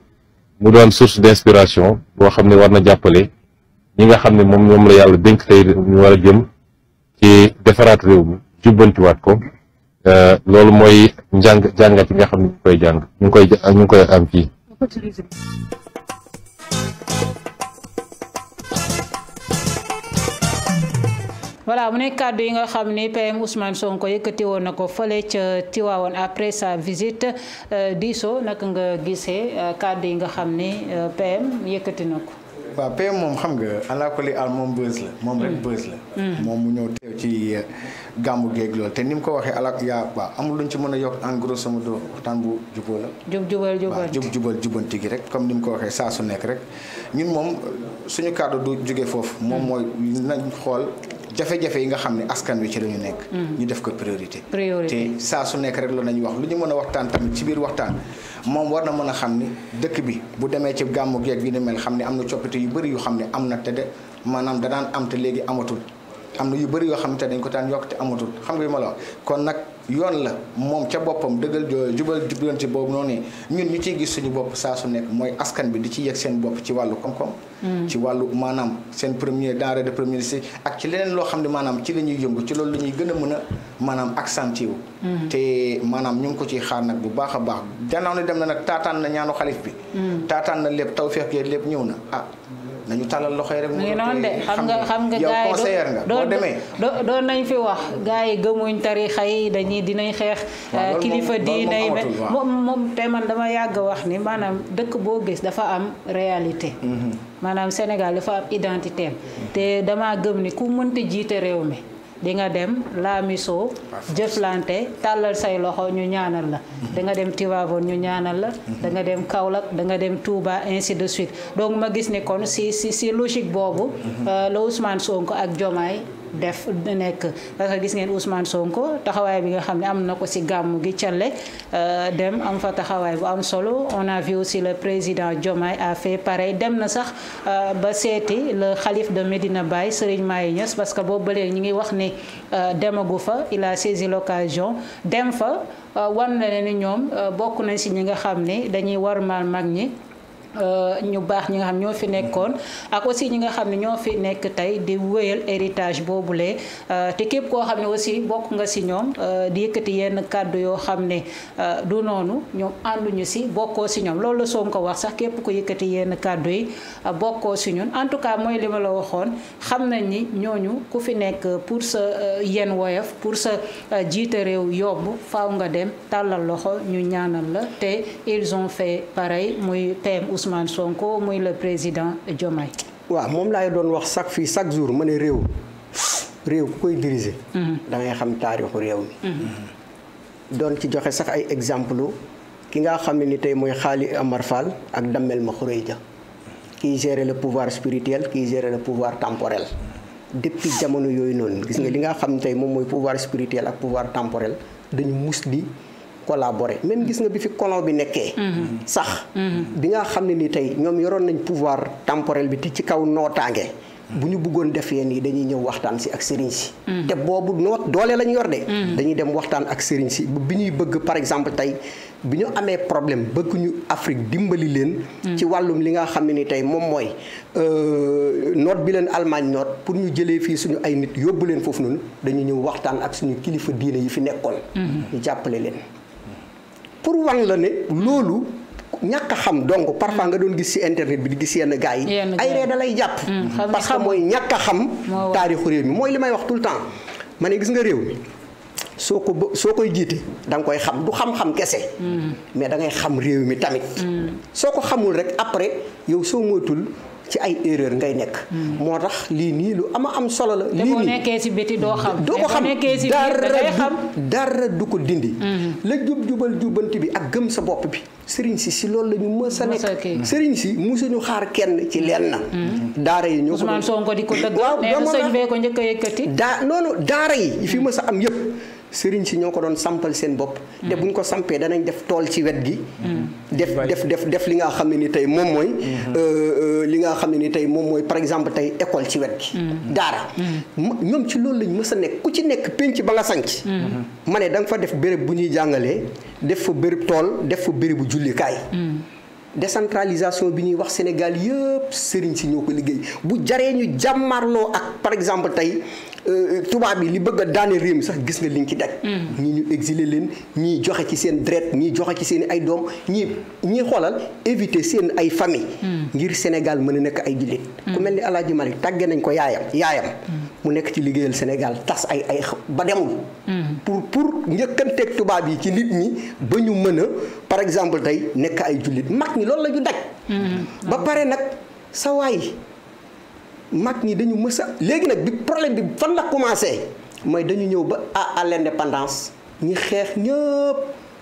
mu doon source d'inspiration boo xam ne war na jàppale ñi nga xam ne moom ñoom la yàlla dénk tey war a jëm ci defaraat réew mi jubbantiwaat ko euh, loolu mooy njàng jàngat yi nga xam ne ñu koy jàng ñu ngi koy ñu ngi koy am fii voilà mu ne kàddu yi nga xam ni PM Ousmane Sonko yëkkati woon na ko fële ca Tiwaawoon après sa visite euh, diisoo naka nga gisee euh, kàddu yi nga xam ni euh, PM yëkkati na ko. waaw PM moom xam nga alaa kulli aal moom bës la moom rek mm. bës la mm. moom mu ñëw teew ci gàmmu géeg loolu te ni mu ko waxee ala yaa waaw amul luñ ci mën a yokk en gros sama do waxtaan bu jubóo la jub jubal jubanti jub jubal jubanti gi rek comme ni mu ko waxee saa su nekk rek ñun moom suñu kàddu du jóge foofu moom mm. mooy nañ xool jafe-jafe yi nga xam ne askan wi ci la ñu nekk. Mm. ñu def ko priorité. priorité saa su nekk rek loolu la ñuy wax lu ñu mën a waxtaan tamit ci biir waxtaan moom war na mën a xam ni dëkk bi bu demee ci gàmmu geeg yi ni mel xam ne am na coppite yu bari yu xam ne am na te de maanaam danaan am te léegi amatul. am na yu bëri yoo xam xamante dañ ko daan yokk te amatul xam nga yu la kon nag yoon la moom ca boppam dëggal jubal jubalante boobu noonu ñun ñu ciy gis suñu bopp saa su nekk mooy askan bi di ci yëg seen bopp ci wàllu koom-koom mm. ci wàllu maanaam seen premier denrée de premier si ak ci leneen loo xam ne maanaam ci la ñuy yëngu ci loolu la ñuy gën a mën a maanaam accentué mm. te maanaam ñu ko ciy xaar nag bu baax a baax danaaw ne dem na nag taataan na ñaanu xalif bi mm. taataan na lépp taw feex lépp ñëw na ah nañu tàllal loxo yi rek. mu de xam nga xam nga gars yi conseiller doo boo demee. doo nañu fi wax gars yi gëmuñ tarixa yi dañuy dinañ xeex. Euh, kilifa diinay be moom te man dama yàgg wax ni maanaam dëkk boo gis dafa am réalité. Mhm. maanaam Sénégal dafa am identité mhm. te dama gëm ni ku mënta jiite réew mi. di nga dem laamiso jëflante tàllal say loxo ñu ñaanal la danga dem Tivaouane ñu ñaanal la da nga dem Kaolack da nga dem Touba ainsi de suite donc ma gis ni kon si si si logique boobu euh, la Ousmane Sonko ak Diomaye def nekk parce que gis ngeen Ousmane Sonko taxawaay bi nga xam ne am na ko ci gàmmu gi Thialé euh, dem am fa taxawaay bu am solo on a vu aussi le président Diomaye a fait pareil dem na sax euh, ba seeti le xalif de Medina Baye Serigne Maye Niass parce que boobu ba léegi ñu ngi wax ni euh, demagu fa il a saisi l'occasion dem fa war na ne ñoom bokk nañ si ñi nga xam ne dañuy war maal mag ñi. Euh, ñu baax ñi nga xam ñoo fi nekkoon ak aussi ñi nga xam ne ñoo fi nekk tey di wéyal héritage boobule euh, te képp koo xam ne aussi bokk nga si ñoom euh, di yëkkati yenn kàddu yoo xam ne du noonu ñoom ànduñu si bokkoo si ñoom loolu la Sonko wax sax képp ko yëkkati yenn kàddu yi bokkoo si ñun en tout cas mooy li ma la waxoon xam nañ ni ñooñu ku fi nekk pour sa yenn woyof pour sa jiite réew yomb faw nga dem tàllal loxo ñu ñaanal la te ils ont fait pareil muy PM Ousmane Sonko muy le président Diomaye. waaw moom laay doon wax chaque fii chaque jour ma ne réew réew ku koy diriger. Mhm. da xam taarixu réew mi. Mhm. Mhm. doon ci joxe sax ay exemple ki nga xam ne ni tey mooy Xaali Amar Fall ak Damel Maxuréy Ja kii gérer le pouvoir spirituel kii gérer le pouvoir temporel. depuis jamono yooyu noonu gis nga li nga xam ne tey moom mooy pouvoir spirituel ak pouvoir temporel dañu mus di. collaborer même gis nga bi fi colon bi nekkee. sax bi nga xam ne ni tey ñoom yoroon nañ pouvoir temporel bi te ci kaw nootaange. bu ñu bëggoon def yéen yi dañuy ñëw waxtaan si ak sëriñ si. te boobu lañ yor dañuy dem waxtaan ak sëriñ bi ñuy bëgg par exemple tey bi ñu amee problème bëgg ñu dimbali leen. ci wàllum li nga xam ne ni tey moom mooy euh, noot bi leen Allemagne noot pour ñu jëlee fii suñu ay nit yóbbu leen foofu noonu dañuy ñëw waxtaan ak suñu kilifa diine yi fi nekkoon. ñu jàppale leen. pour wan la ne loolu ñàkk xam donc parfois nga doon gis ci internet bi di gis yenn gars yi ay ree da lay jàpp mm, parce que mooy ñàkk a xam taarixu réew mi mooy li may wax tout le temps ma ne gis nga réew mi soo ko soo koy jiite da nga koy xam du xam-xam kese. Mm. mais da ngay xam réew mi tamit. Mm. soo ko xamul rek après yow soo moytul ci ay erreur ngay nekk. Hmm. moo tax lii nii lu ama am solo la. lii nii te boo nekkee ci biti doo xam. doo ko xam dara du ko dindi. Hmm. la jub jubal jubbanti bi ak gëm sa bopp bi. sëriñ si si loolu lañu ñu mës a nekk. Hmm. sëriñ si musuñu xaar kenn ci leen na. daara yi ñoo ko doon Ousmane Sonko di ko dëgg. nee na sëñ bee ko njëkk a yëkkati. daa noonu daara yi fi mës a am yëpp. sëriñ si ñoo ko doon sampal seen bopp. te buñ ko sampee danañ def tool ci wet gi. def def def li nga xam ne ni tey moom mooy. Mm-hmm. Euh, euh, li nga xam ni tey moom mooy par exemple tey école ci wet gi. Mm-hmm. daara. Mm-hmm. ñoom ci loolu lañ mës a nekk ku ci nekk penc ba nga sanc. ma ne da nga fa def béréb bu ñuy jàngalee def fa béréb tool def fa bérébu jullikaay. décentralisation bi ñuy wax Sénégal yëpp sëriñ si ñoo ko liggéey bu jaree ñu jàmmarloo ak par exemple tey. Euh, euh, tubaab yi li bëgg a daane réew mi sax gis nga liñ ci daj. Hmm. ñii ñu exilé leen ñii joxe ci seen deret ñii joxe ci seen ay doom ñi ñii xoolal éviter seen ay famille hmm. ngir Sénégal mën a nekk ay jullit. Hmm. ku mel ni El Hadj tàggee tàgge nañ ko yaayam yaayam. mu nekk ci liggéeyal Sénégal tas ay ay ba demul. pour pour njëkkanteeg tubaab yi ci nit ñi ba ñu mën a par exemple tey nekk ay jullit mag ñi lool la ñu daj. ba pare nag sa waay. mag ñi dañu mës léegi nag bi problème bi fan la commencé mooy dañu ñëw ba à à l'indépendance ñi xeex ñëpp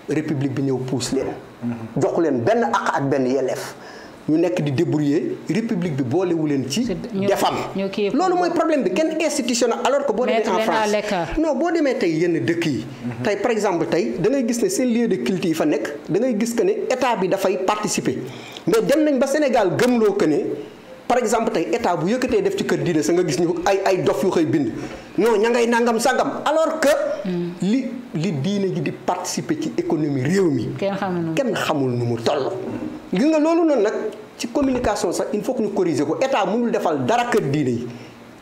république bi ñëw puus leen mhm. jox leen benn ak ak benn yelleef ñu nekk di débrouiller république bi boolewu leen ci defam loolu mooy problème bi kenn institutionnel alors que boo demee en France non boo demee tey yenn dëkk yi mhm. tey par exemple tey dangay gis ne seen lieu de culte yi fa nekk da ngay gis que ne état bi dafay participer mais dem nañ ba Sénégal gëmloo que ne par exemple tey état bu yëkkatee def ci kër diine sa nga gis ñu ay ay dof yu xëy bind non ña ngay nangam sangam alors que. Hmm. li li diine ji di participer ci économie réew mi. kenn xamul nu mu toll. gi nga loolu noonu nag ci communication sax il faut que ñu corriger ko état mënul defal dara kër diine yi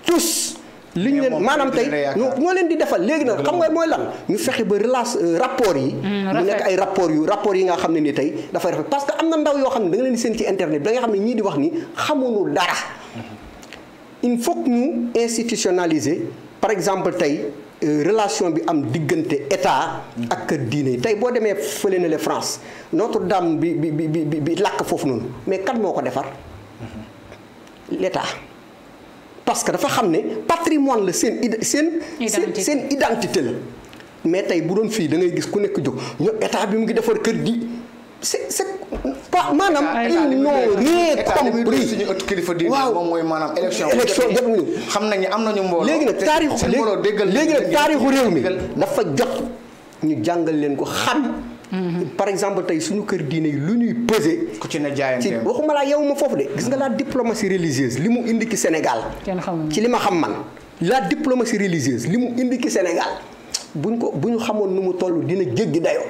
tous. li ñu leen maanaam tey ñoo leen di defal léegi nag xam nga mooy lan ñu fexe ba relance euh, rapport yi mm, mu nekk ay rapport yu rapport yi nga xam ne ni tey dafay rafet parce que am na ndaw yoo xam ne da nga leen di seen ci internet bi da nga xam ne ñii di wax ni xamuñu dara mm-hmm. il faut que ñu institutionnaliser par exemple tey euh, relation bi am diggante état mm-hmm. ak kër diine yi tey boo demee fële na le France Notre Dame bi bi bi bi lakk foofu noonu mais kan moo ko defar mm-hmm. l'État parce que dafa xam ne patrimoine la seen id seen seen seen identité la mais tey bu doon fii dangay gis ku nekk jóg ñoo état bi mu ngi defar kër gi c'est c'est pas maanaam ils n'ont rien compris suñu kilifa diine waaw mooy maanaam élection élection jot xam nañu am nañu mbooloo léegi nag taarixu léegi nag taarixu réew mi dafa jot ñu jàngal leen ko xam par exemple tey suñu kër diine yi lu ñuy pesé. ku ci ne ci waxuma laa yow ma foofu de gis nga la diplomatie religieuse li mu indi ki Sénégal. ci li ma xam man la diplomatie religieuse li mu indi ki Sénégal buñ ko bu ñu xamoon nu mu toll dina jéggi dayoo.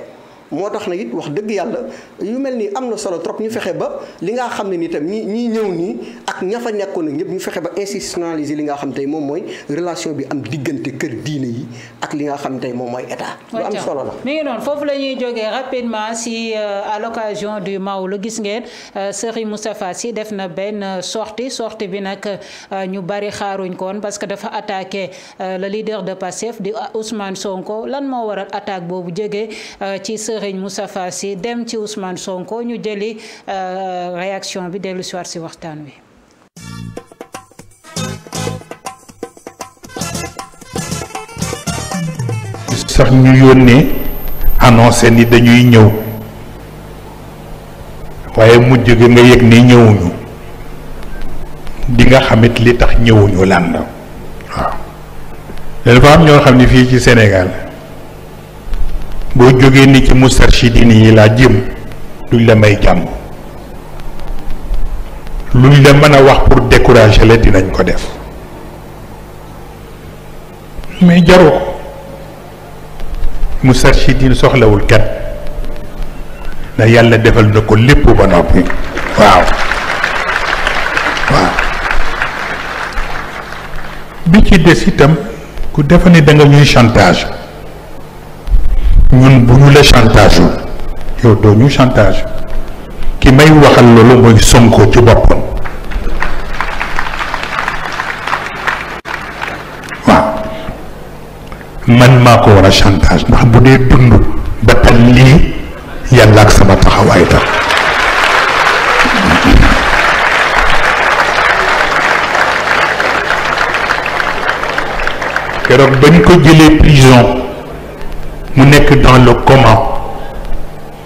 moo tax na it wax dëgg yàlla yu mel nii am na solo trop ñu fexe ba li nga xam ne ni tam ñi ñiy ñëw nii ak ña nekkoon ak ñëpp ñu fexe ba institutionnaliser li nga xam tey moom mooy relation bi am diggante kër diine yi ak li nga xam tey moom mooy état. lu am solo la mi ngi noonu foofu la ñuy jógee rapidement si euh, à l'occasion du Maoulou gis ngeen euh, Serigne Moustapha si def na benn euh, sortie sortie bi nag ñu bari xaaruñ koon parce que dafa attaqué le leader de Pastef di a Ousmane Sonko lan moo waral attaque boobu jógee Serigne Moustapha Sy dem ci Ousmane Sonko ñu jëli euh, réaction bi dellu si si waxtaan wi. sax ñu yónnee annoncé ni dañuy ñëw waaye mujj gi nga yëg ni ñëwuñu di nga xamit li tax ñëwuñu lan waaw dafa am ñoo xam ne fii ci Sénégal. boo jógee ni ci mustarshidin yi laa jëm duñ la may jàmm luñ la mën a wax pour décourager la dinañ ko def mais jaroo ko mustarshidin soxlawul kat na yàlla defal na ko lépp ba noppi waaw waaw bi ci des itam ku defa ni da nga ñuy chantage ñun bu ñu la chantage yow doo ñu chantage ki may waxal loolu mooy Sonko ci boppam waaw man maa ko war a chantage ndax bu dee dund ba tal lii yàlla ak sama taxawaay tax keroog bañ ko jëlee prison mu nekk dans le comment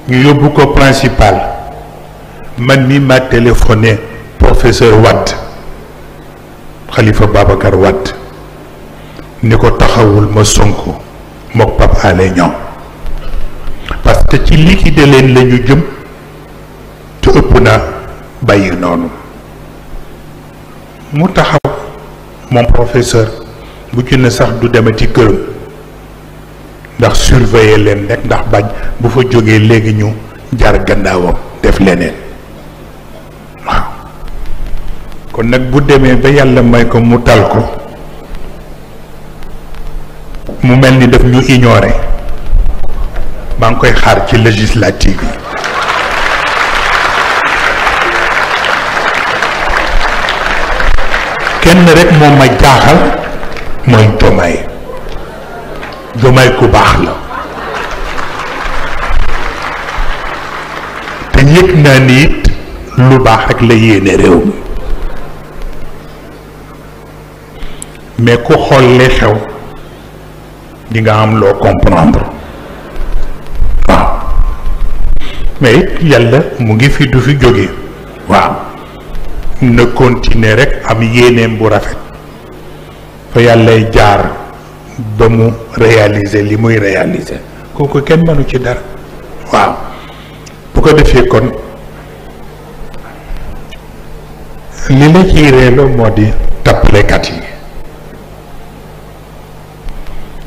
ñu yóbbu ko principal man mi ma téléphoné professeur Wade Khalifa Babacar Wade ni ko taxawul ma Sonko mook Pape Alé Niang parce que ci liquider leen la ñu jëm te ëpp naa bàyyi noonu mu taxaw moom professeur bu na sax du dem ci këram ndax surveiller leen rek ndax bañ bu fa jógee léegi ñu jar gannaawam def leneen kon nag bu demee ba yàlla may ko mu tal ko mu mel ni daf ñu ignorer maa ngi koy xaar ci législative yi kenn rek moo ma jaaxal mooy Diomaye Diomaye ku baax la te yëg naa ni it lu baax rek la yéene réew mi mais ku xool li xew di nga am loo comprendre waaw mais yàlla mu ngi fi du fi jóge waaw na continuer rekk am yéeneem bu rafet fa yàllay jaar ba mu réaliser li muy réaliser kooku kenn mënu ci dara waaw bu ko defee kon li la ciy reeloo moo di tappalekat yi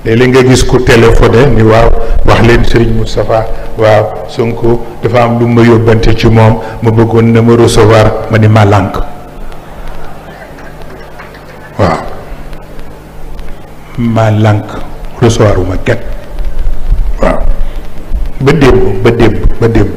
léeg-léeg nga gis ku téléphoné ni waaw wax leen Serigne Moustapha waaw Sonko dafa am lu ma yóbbante ci moom ma bëggoon na ma recevoir ma ni ma maa lànk recevoir ma kenn waaw ba démb ba démb ba démb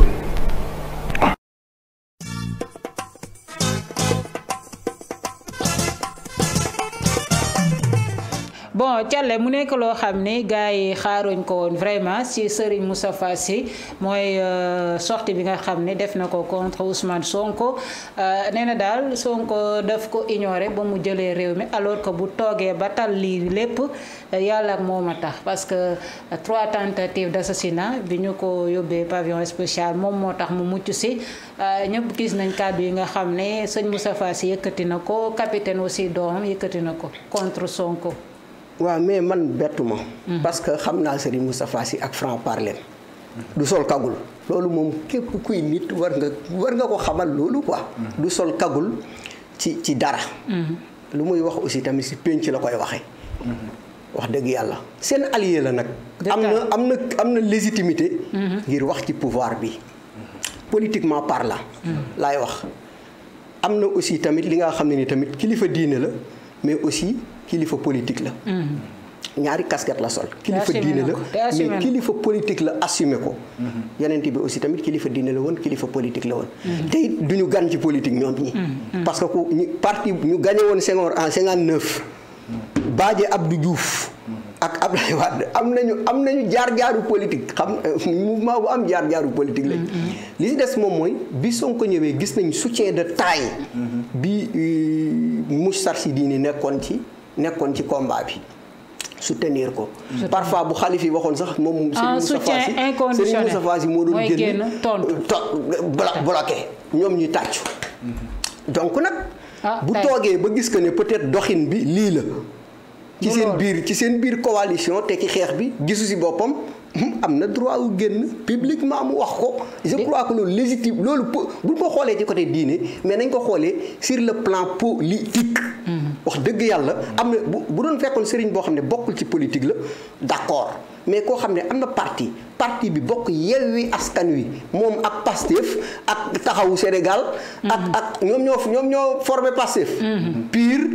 nekk loo xam ne gars yi xaaruñ ko woon vraiment si Serigne Moustapha si mooy euh, sortie bi nga xam ni def na ko contre Ousmane Sonko euh, nee na daal Sonko daf ko ignoré ba mu jëlee réew mi alors ko bu toogee ba tal lii lépp euh, yàlla ak moom a tax parce que trois tentatives d'assassinat bi ñu ko yóbbee pavillon spécial moom moo tax mu mucc si ñëpp gis nañ kàddu yi nga xam ne sëñ Moustapha Sy yëkkati na ko capitaine aussi doom yëkkati na ko contre Sonko. waaw mais man bettu ma. Hmm. parce que xam naa Serigne Moustapha Sy ak franc parler du sol kagul loolu moom képp kuy nit war nga war nga ko xamal loolu quoi. Hmm. du sol kagul ci dara. Hmm. lu muy wax aussi tamit si pénc la koy waxee. wax dëgg yàlla seen allié la nag. am na am na légitimité. ngir wax ci pouvoir bi. politiquement parlant. laay wax am na aussi tamit li nga xam ne ni tamit kilifa diine la. mais aussi kilifa politique la. Mm-hmm. ñaari casquette la sol. kilifa diine la mais kilifa politique la assumé ko. Mm-hmm. yeneen bi aussi tamit kilifa diine la woon kilifa politique la woon. Mm-hmm. te it du ñu gan ci politique ñoom ñi. parce que ku ñu parti ñu gagné woon Senghor en 59. Badji Abdou Diouf. ak Abdoulaye Wade am nañu am nañu jaar-jaaru politique xam euh, mouvement bu am jaar-jaaru politique lañ. li des moom mooy bi Sonko ñëwee gis nañ soutien de taille. mu Moustarchidine yi nekkoon ci nekkoon ci komba bi soutenir ko parfois bu xalif yi waxoon sax moom ah, Serigne Moustapha Sy moo doon génn euh, bloqué ñoom ñu tàccu mhm. donc nag ah, bu toogee ba gis que ne peut-être doxin bi lii la ci seen biir ci seen biir coalition te ci xeex bi gisu si boppam am na droit wu génn publiquement mu wax ko je crois que loolu légitime loolu buñ ko xoolee ci côté diine mais nañ ko xoolee sur le plan politique mm-hmm. wax dëgg yàlla am na bu bu doon fekkoon sëriñ boo xam ne bokkul ci politique la d'accord mais koo xam ne am na parti parti bi bokk wi Askan Wi moom ak Pastef ak taxawu Sénégal ak mm-hmm. ak ñoom ñoo ñoom ñoo formé Pastef mm-hmm. pire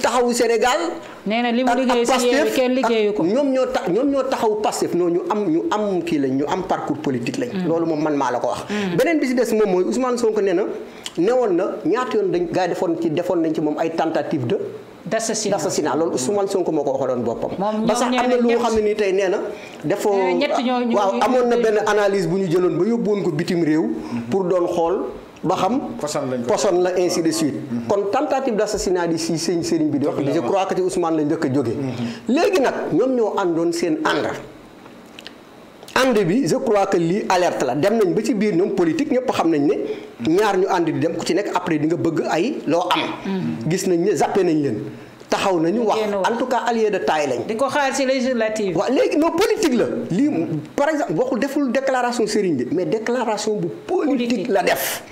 taxawu Sénégal. nee na li mu liggéey si yéen kenn liggéeyu ko ñoom ñoo tax ñoom ñoo taxawu Pastef non ñu am ñu am kii lañ ñu am parcours politique lañ. Mm. loolu moom man maa la ko wax. Mm. beneen bi si des moom mooy Ousmane Sonko nee na newoon na ñaata yoon dañ gars yi defoon ci defoon nañ ci moom ay tentative de. d'assassinat d'assassinat loolu Ousmane Sonko moo ko wax waxaloon boppam. ba sax am na lu nga xam ne nii tey nee na. dafa waaw amoon na benn analise bu ñu jëloon ba yóbbuwoon ko bitim réew. Mm-hmm. pour doon xool. ba xam poson la ainsi de suite mhm. kon tentative d'assassinat di si sëñ sëriñ bi di wax je crois que ci Ousmane lañ njëkk a jógee mhm. léegi nag ñoom ñoo àndoon seen ànd ànd bi je crois que lii alerte la dem nañ ba ci biir ñoom politique ñëpp xam nañ ne ñaar ñu ànd di dem ku ci nekk après di nga bëgg ay loo am mhm. gis nañ ne zappé nañ leen taxaw nañu wax en tout cas allié de taille lañ. di ko xaar ci législative. waaw léegi non politique la lii par exemple waxul deful déclaration sëriñ bi mais déclaration bu politique la def.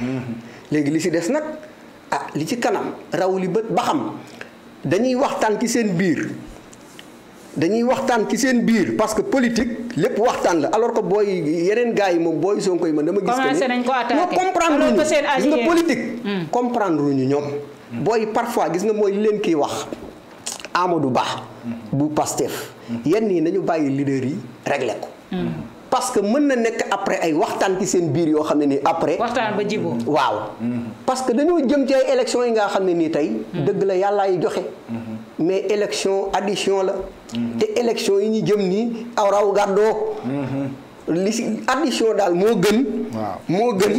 léegi li ci des nag ah li ci kanam raw li bët ba xam dañuy waxtaan ci seen biir. dañuy waxtaan ci seen biir parce que politique lépp waxtaan la alors que booy yeneen gaa yi moom booy Sonko yi man dama gis. commencé nañ ko attaqué comprendre ñu nga politique. Hmm. comprendre ñu ñoom. booy parfois gis nga mooy leen kiy wax du baax bu Pastef yenn yi nañu bàyyi leader yi réglé ko parce que mën na nekk après ay waxtaan ci seen biir yoo xam ne nii après. waxtaan ba jiboo waaw. parce que dañoo jëm ci ay élections yi nga xam ne nii tey. dëgg la yàllaa yi joxe. mais élection addition la. te élection yi ñu jëm nii aw raw gàddoo. li si addition daal moo gën. waaw moo gën.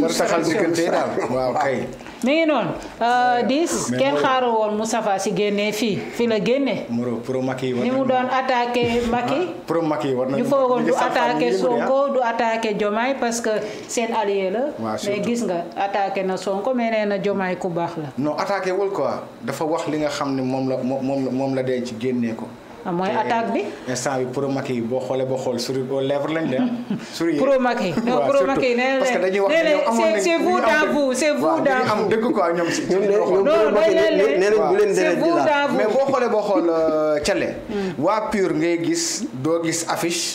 waaw kay. mu ngi noonu. Euh, dis kenn xaaru woon Moustapha Sy génnee fii fii la génne. pro Macky ni mu doon attaqué ah, Macky. pro Macky war nañu ñu foogoon du attaqué ah. Sonko du attaqué Diomaye parce que seen allié la. mais gis nga attaqué na Sonko mais nee na Diomaye ku baax la. non attaqué wul quoi dafa wax li nga xam ne moom la moom la moom la denc génnee ko. Ah, mooy attaque bi. instant bi boo xoolee boo xool souris boo lèvres lañ leen. souris pro Macky non pro Macky nee parce que ñoom si. ñoom pro Macky mais boo xoolee boo xool euh, Thielé. Mm. waa PUR ngay gis doo gis affiche.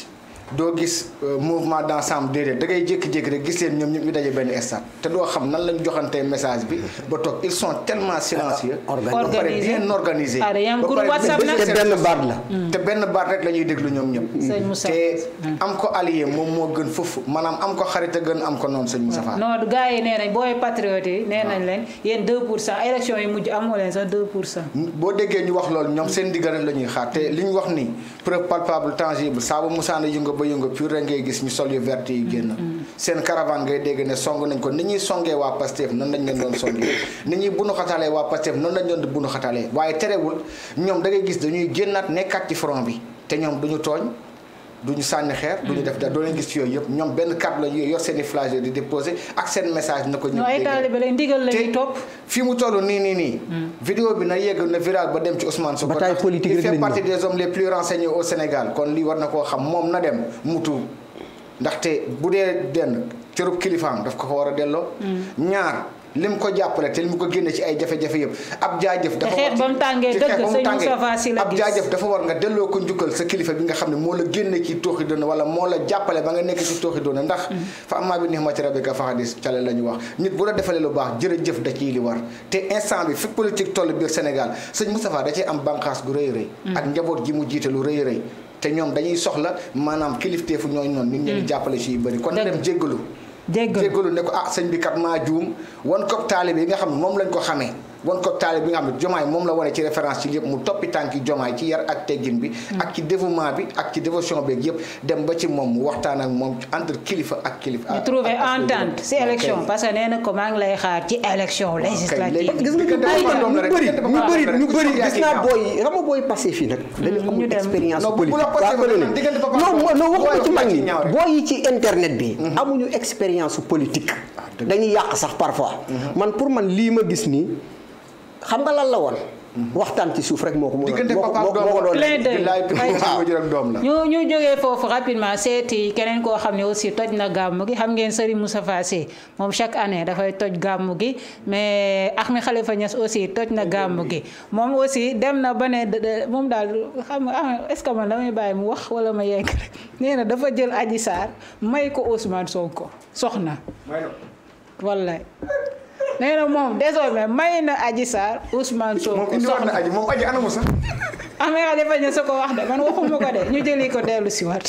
doo gis euh, mouvement d' ensemble déedéet da ngay jékki-jékki rek gis leen ñoom ñëpp ñu daje benn instant te doo xam nan lañ joxantee message bi ba toog ils sont tellement silencieux. Ah, organisé ba pare te benn baat la. te benn baat rek la déglu ñoom ñëpp. te am ko allié moom moo gën foofu maanaam am ko xarit a gën am ko noonu sëñ Moussa Fall. non gars yi nee nañ booy patriote yi nee leen yéen 2 pour cent élection yi mujj amoo leen sax 2 pour cent. boo déggee ñu wax loolu la ñuy li ñu wax nii preuve palpable tangible ba yëngu pur rek ngay gis ñu sol yu vert yu génn mm-hmm. seen caravane ngay dégg ne song nañ ko ni ñuy songee waa Pastef noonu lañ leen doon songee ni ñuy bunu xatalee waa Pastef noonu lañ doon bunu waaye terewul ñoom da ngay gis dañuy génnaat nekkaat ci front bi te ñoom duñu tooñ du sànni xeer. du def da doo leen gis yooyu yëpp ñoom benn carte la ñuy yor seen i flageur di déposé ak seen message na ko. ñu ay taalibe topp fi mu toll nii nii nii. Hmm. vidéo bi na yegg na viral ba dem ci Ousmane Sonko. bataille politique il fait partie des hommes les plus renseignés au Sénégal kon lii war na koo xam moom na dem mutu ndaxte bu dee denn cërub kilifaam daf ko ko war a delloo. Hmm. ñaar. lim ko jàppale te lim ko génne ci ay jafe-jafe yëpp ab jaajëf dafa war ba mu tàngee nga delloo ko njukkal sa kilifa bi nga xam ne moo la génne ci tooxi doona wala moo la jàppale ba nga nekk ci tooxi doona ndax mm-hmm. fa amaa bi nihmati rabbika fa hadis cale la ñu wax nit bu la defalee lu baax jërëjëf da ciy li war te instant bi fi politique toll biir Sénégal sëñ Moustapha da cee am bànqaas gu rëy rëy mm-hmm. ak njaboot gi mu jiite lu rëy rëy te ñoom dañuy soxla maanaam kilifteefu ñooñu noonu nit ñi jéggalu ne ko ah sëñ bi kat maa wan ko taalibe yi nga xam ne moom lañ ko xamee. wan ko taale bi nga xam ne jomaay moom la wane ci référence ci yëpp mu toppi tànki jomaay ci yar ak teggin bi mm. ak ci dévouement bi ak ci dévotion beeg yëpp dem ba ci moom mu waxtaan ak moom entre kilifa ak kilifa ñu trouver entente si parce que nee na ko maa ngi lay xaar ci élection législative gis nga ñu booy xam nga booy passé fii nag dañu amul expérience politique non non wax ko ci mag ñi booy yi ci internet bi mm-hmm. amuñu expérience politique ah, dañuy yàq sax parfois mm-hmm. man pour man lii ma gis nii xam nga lan la woon. waxtaan ci suuf rek moo ko moo ko doon doom la ñu ñu jógee foofu rapidement seeti keneen koo xam ne aussi toj na gàmmu gi xam ngeen Serigne Moustapha Sy moom chaque année dafay toj gàmmu gi mais Ahmed Khalifa Niass aussi toj na gàmmu gi moom aussi dem na ba ne moom daal xam nga est-ce que man damay bàyyi mu wax wala ma yegg rek nee na dafa jël aji Sarr may ko Ousmane ko soxna wallaay nee na moom désormais may na Adji Sarr Ousmane Sonko. moom indi moom Adji anamu sax. Amira defe na sa ko wax de man waxuma ko de ñu jëli ko dellu si waat.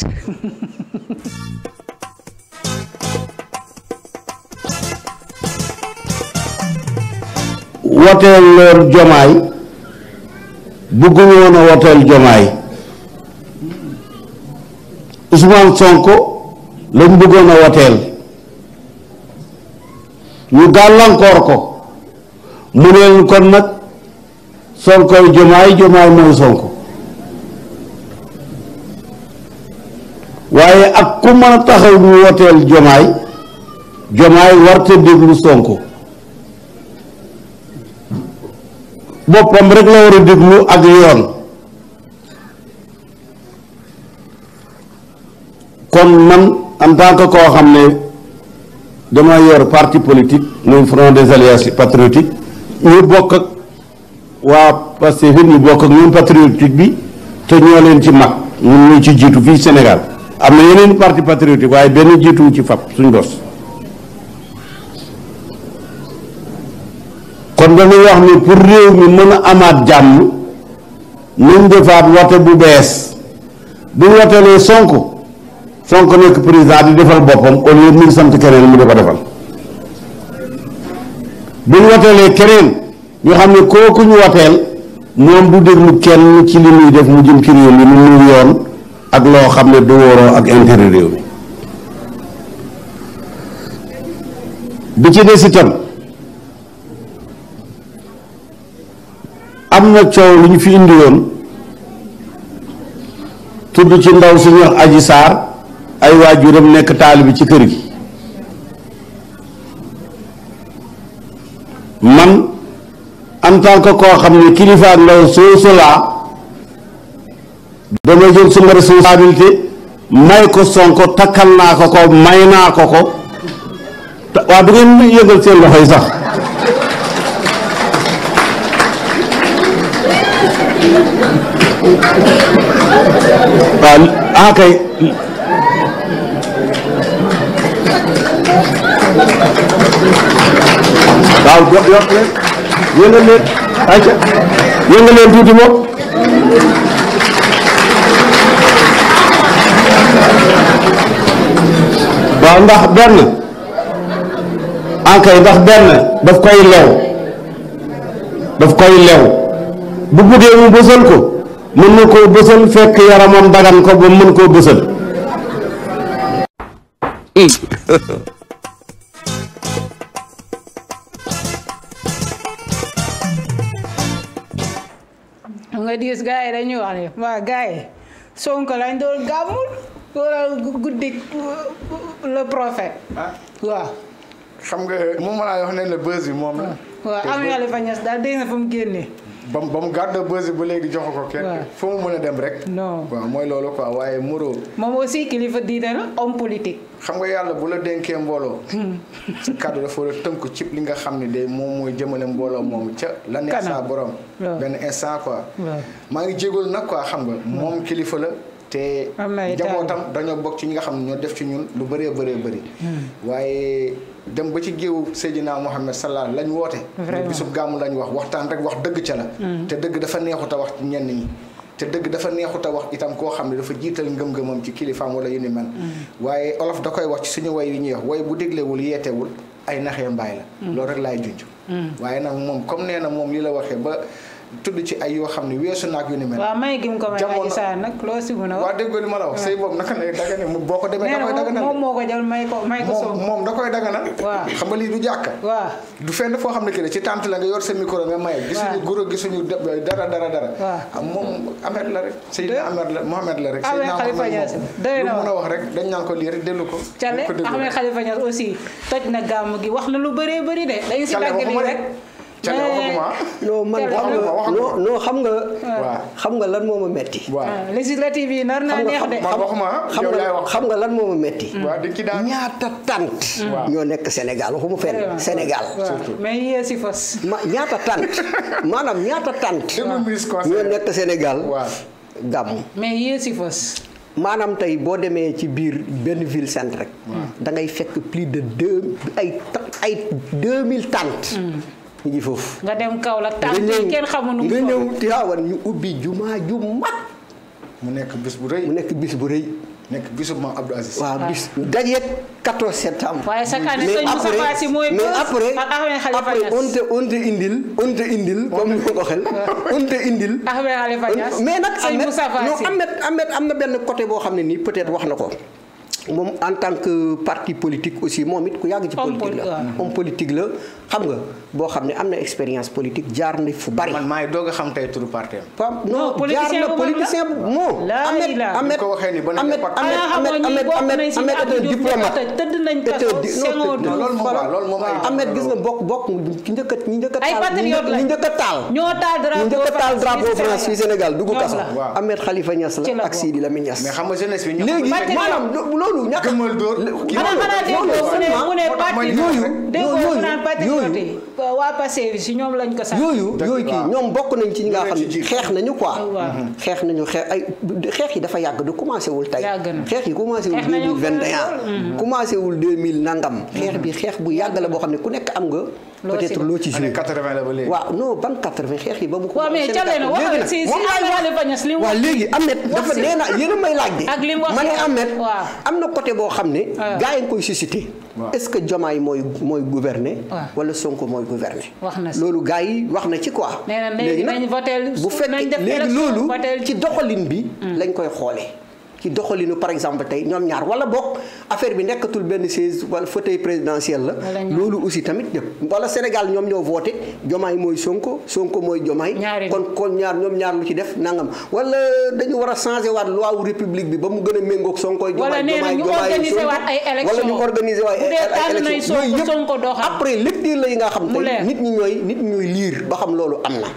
woteel leen jomaay bëgguñu a woteel jomaay Ousmane Sonko lañ bëggoon a woteel. ñu gàllankoor ko mu neen kon nag sonkoy jomaay jomaay mooy sonko waaye ak ku mën a taxaw ñu woteel jomaay jomaay warte déglu sonko boppam rek la war a déglu ak yoon kon man en tant que koo xam ne dama yor parti politique muy front des alliés patriotiques ñu bokk ak waa Pastef ñu bokk ak ñun patriotique bi te ñoo leen ci mag ñun ñu ci jiitu fii Sénégal am na yeneen parti patriotique waaye benn jiituwu ci fab suñ bos kon dañuy wax ni pour réew mi mën a amaat jàmm nañ defaat wate bu bees bu watelee Sonko Sonko nekk président di defal boppam au lieu mu sant keneen mu di ko defal bu ñu wateelee keneen ñu xam ne kooku ñu wateel moom du déglu kenn ci li muy def mu jëm ci réew mi mu yoon ak loo xam ne du wóoroo ak intérêt bi ci des itam am na coow lu ñu fi indi woon tudd ci ndaw suñu Adji Sarr ay waajuram nekk taalibi ci kër gi man en tant que koo xam ne kilifa ak ndaw soosu laa dama jël suma responsabilité may ko sonko takkal naa ko ko may naa ko ko waa du ngeen yëgal seen loxo yi sax waaw ah waaw jox yokk leen yëngal leen moom waaw ndax benn ankay ndax benn daf koy lew daf koy lew bu buggee mu bësal ko mën na koo bësal fekk yaramam dagan ko ba mën koo bësal plus gars yi dañuy wax ne waa gars yi Sonko lañ doon gàmmul wala guddi le prophète. ah waaw. xam nga moom laa wax ne le buzz bi moom la. waaw am na Khalifa Niass daal dégg na fa mu génne ba mu ba mu gàddoo bës ba léegi jox ko kenn. waaw fu mu mën a dem rek. non waaw mooy loolu quoi waaye Moreau. moom aussi kilifa diine la homme politique. xam nga yàlla bu la dénkee mbooloo. Hmm. sa kàddu dafa la tënku ci li nga xam ne de moom mooy jëmale mbooloo moom ca. la neex saa benn instant quoi. maa ngi jégalu nag quoi xam nga moom kilifa la. te jabootam dañoo bokk ci ñi nga xam ne ñoo def ci ñun lu bëree bëree bëri hmm. waaye dem ba ci géewu Seydina Muhammad sallallahu lañ woote ne bisub gàmmu lañ wax waxtaan rek wax dëgg ca la hmm. te dëgg dafa neexut a wax ñenn ñi te dëgg dafa neexut a wax itam koo xam ne dafa jiital ngëm-ngëmam ci kilifaam wala yu ni mel hmm. waaye olof da koy wax ci suñu way yu ñuy wax way bu déglewul yeetewul ay naxee mbaay la loolu rek laay junj waaye nag moom comme nee na moom li la waxee ba tudd ci ay yoo xam ne weesu naag yu ni mel. waaw may gi mu ko may Adji Sarr nag a wax. waaw dégg nga li ma la wax sëy boobu naka lay dagane boo ko demee. da koy daganal moom ko jël may ko may da koy daganal. la nga yor na lu a wax rek dañ naan ko lii rek dellu ko. Cale Ahmed Khalifa Niass aussi toj na gàmm gi wax na lu bëree bëri de dañ si dagg rek Thiel waxaguma non man non xam nga. xam nga lan moo ma metti. waaw législative yi nar naa xam nga lan moo ma metti. ñaata tant. ñoo nekk Sénégal waxuma fenn Sénégal. mais yéen si fas. maanaam ñaata tant. ñoo nekk Sénégal. gàmm. mais yéen si maanaam tey boo demee ci biir benn ville centre rek. da ngay fekk plus de deux ay ay deux mille tant. ñu ngi foofu. nga dem Kaolack taal bi kenn xamul nu mu nga ñëw Tiwaawan ñu ubbi jumaa ju mu nekk bis bu rëy mu nekk bis bu rëy. nekk bisu maam Abdou Aziz. waaw bis dajeeg 14 septembre. waaye chaque année sëñ Moussa Fassi mooy. mais après après on te indil. on te indil comme ni ko waxee. on te mais nag. sëñ Moussa Fassi non Ahmed Ahmed am na benn côté boo xam ne nii peut-être wax na ko. moom en tant que parti politique aussi moom it ku yàgg ci politique la homme politique la xam nga boo xam ne am na expérience politique jaar na fu bari. man maa ngi doog a xam tey turu parti am. non jaar na politicien bu moom la Ahmed Ahmed ko waxee ni ba nañ ko Ahmed Ahmed est un diplomate. tëdd nañ kaso Senghor du Ahmed gis nga bokk bokk ki njëkk a ñi njëkk a taal ñi njëkk a taal. ñoo taal drapeau ñi njëkk a taal drapeau France fii Sénégal dugg kaso. Ahmed Khalifa Niass la ak Sidi Lamine Niass. mais xam nga jeunesse bi loolu ñàkk a. gëmmal dóor kii ma ne waa passé si ñoom lañ ko sax. yooyu yooyu kii ñoom bokk nañ ci ñi nga xam ne xeex nañu ko mhm. xeex nañu xeex ay xeex yi dafa yàgg du commencé wul tey. xeex yi commencé wul deux mhm. wul deux mille nangam. xeex bi mhm. xeex bu yàgg la boo xam ne ku nekk am nga. peut-être loo ci joué. waaw non ban quatre-vingt xeex yi ba mu. commencé léegi nag waaw léegi Ahmed dafa nee na yéen a may laaj de. ak li mu am côté boo xam ne. Ah. gaa yi nga koy suscité. ce que Diomaye mooy mooy gouverner. wala Sonko mooy gouverner. wax na loolu gaa yi wax na ci quoi. léegi nag bu fekkee léegi loolu ci doxalin bi hmm. lañ koy xoolee. ci doxalinu par exemple tey ñoom ñaar wala bokk affaire bi nekkatul benn chaise wala fauteuil présidentiel la. loolu aussi tamit ñëpp. wala Sénégal ñoom ñoo voté Jomaay mooy Sonko Sonko mooy Jomaay. kon kon ñaar ñoom ñaar lu ci def nangam wala dañu war a changé waat loi wu bi ba mu gën a méngóog Sonko. Jomaay Jomaay Jomaay wala ñu organiser waat ay élections yooyu yëpp après lecture la yi nga xam tey nit ñi ñooy nit ñi ñooy liir ba xam loolu am na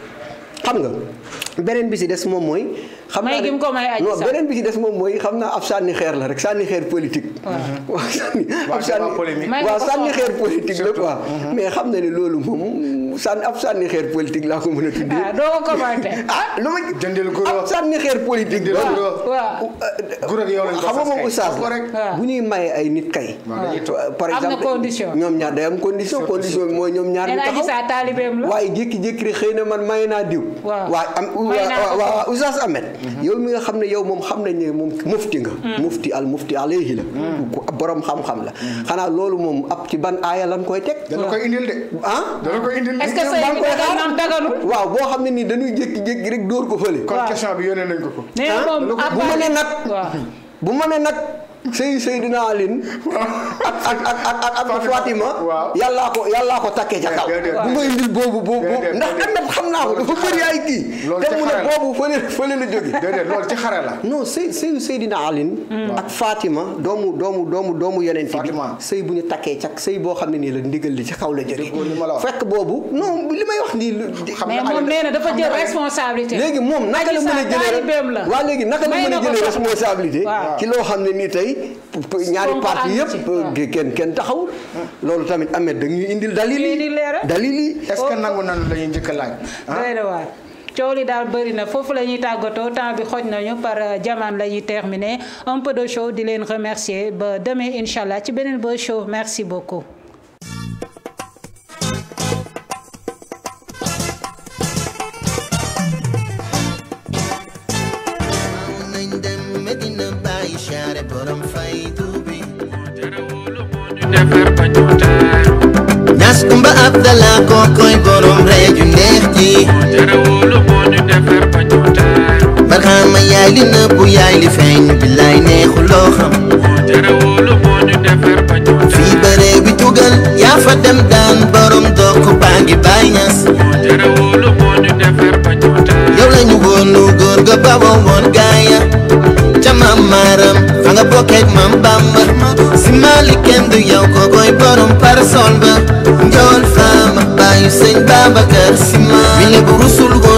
xam nga beneen bi si des moom mooy. xam naa rek non beneen bi ci des moom mooy xam naa ab sànni xeer la rek sànni xeer politique. waaw sànni ab sànni xeer politique la mm-hmm. mais xam na ne loolu moom sànni ab sànni xeer politique laa ko mën a ah, tuddee. ah ko commenté. Ah, xeer politique. waaw waaw euh, guro ak yow bu ñuy maye ay nit kay. Euh, par exemple ñoom ñaar am condition. condition bi mooy ñoom ñaar ñu taxaw waaye jékki-jékki rek xëy na man maye naa diw. waaw waaw oustaz Ahmed Mm-hmm. yow mi nga xam ne yow moom xam nañ ne moom mufti nga mm. mufti al mufti alayhi la mm. borom xam-xam la mm-hmm. xanaa loolu moom ab ci ban aaya lan koy teg dana koy indil de ah dana koy indil est-ce que sëy bi daganam daganul waaw boo xam ne nii dañuy jékki-jékki rek dóor ko fële kon bi yónnee nañ ko ah? ma ne nag bu ma ne nag sëy Seydina Aline ak ak ak ak ak Fatima yàllaa naa ko dafa bëri ay kii te mu ne boobu fële fële la jóge déedéet loolu ci xare la non sëy sëyu Seydina hmm. ak Fatima doomu doomu doomu doomu yeneen bi sëy bu ñu takkee ca sëy boo xam ne nii la ndigal li ci kaw la jóge fekk boobu non li may wax nii mais moom nee dafa jël responsabilité léegi moom naka la mën a jëlee waa léegi naka la a jëlee responsabilité ci loo xam ne nii tey tey ñaari parti yëpp kenn kenn taxawul ah. loolu tamit amet dañuy indil dalil yi dalil yi est-ce que nangu nañu la ñuy njëkk a laaj ah. coow li daal bëri na foofu la ñuy tàggatoo temps bi xoj nañu par euh, jaman la ñuy terminer un peu de show di leen remercier ba demee incha allah ci beneen ba show merci beaucoup defar ba ñu taaru ñas kumba abdala kookoy borom rey ju neex ji moo jara wóolu yaay li nëbbu yaay li feeñ billaay neexu loo xam moo jara bare bi tugal yaa fa dem borom dokk baa ngi baay ñas moo jara wóolu moo ñu gaaya ca maam maaram fa nga bokkeek maam Malick kenn du yow ko koy borom parasol ba njool femme bàyyi sëñ Babacar Sima mi lépp rusul ko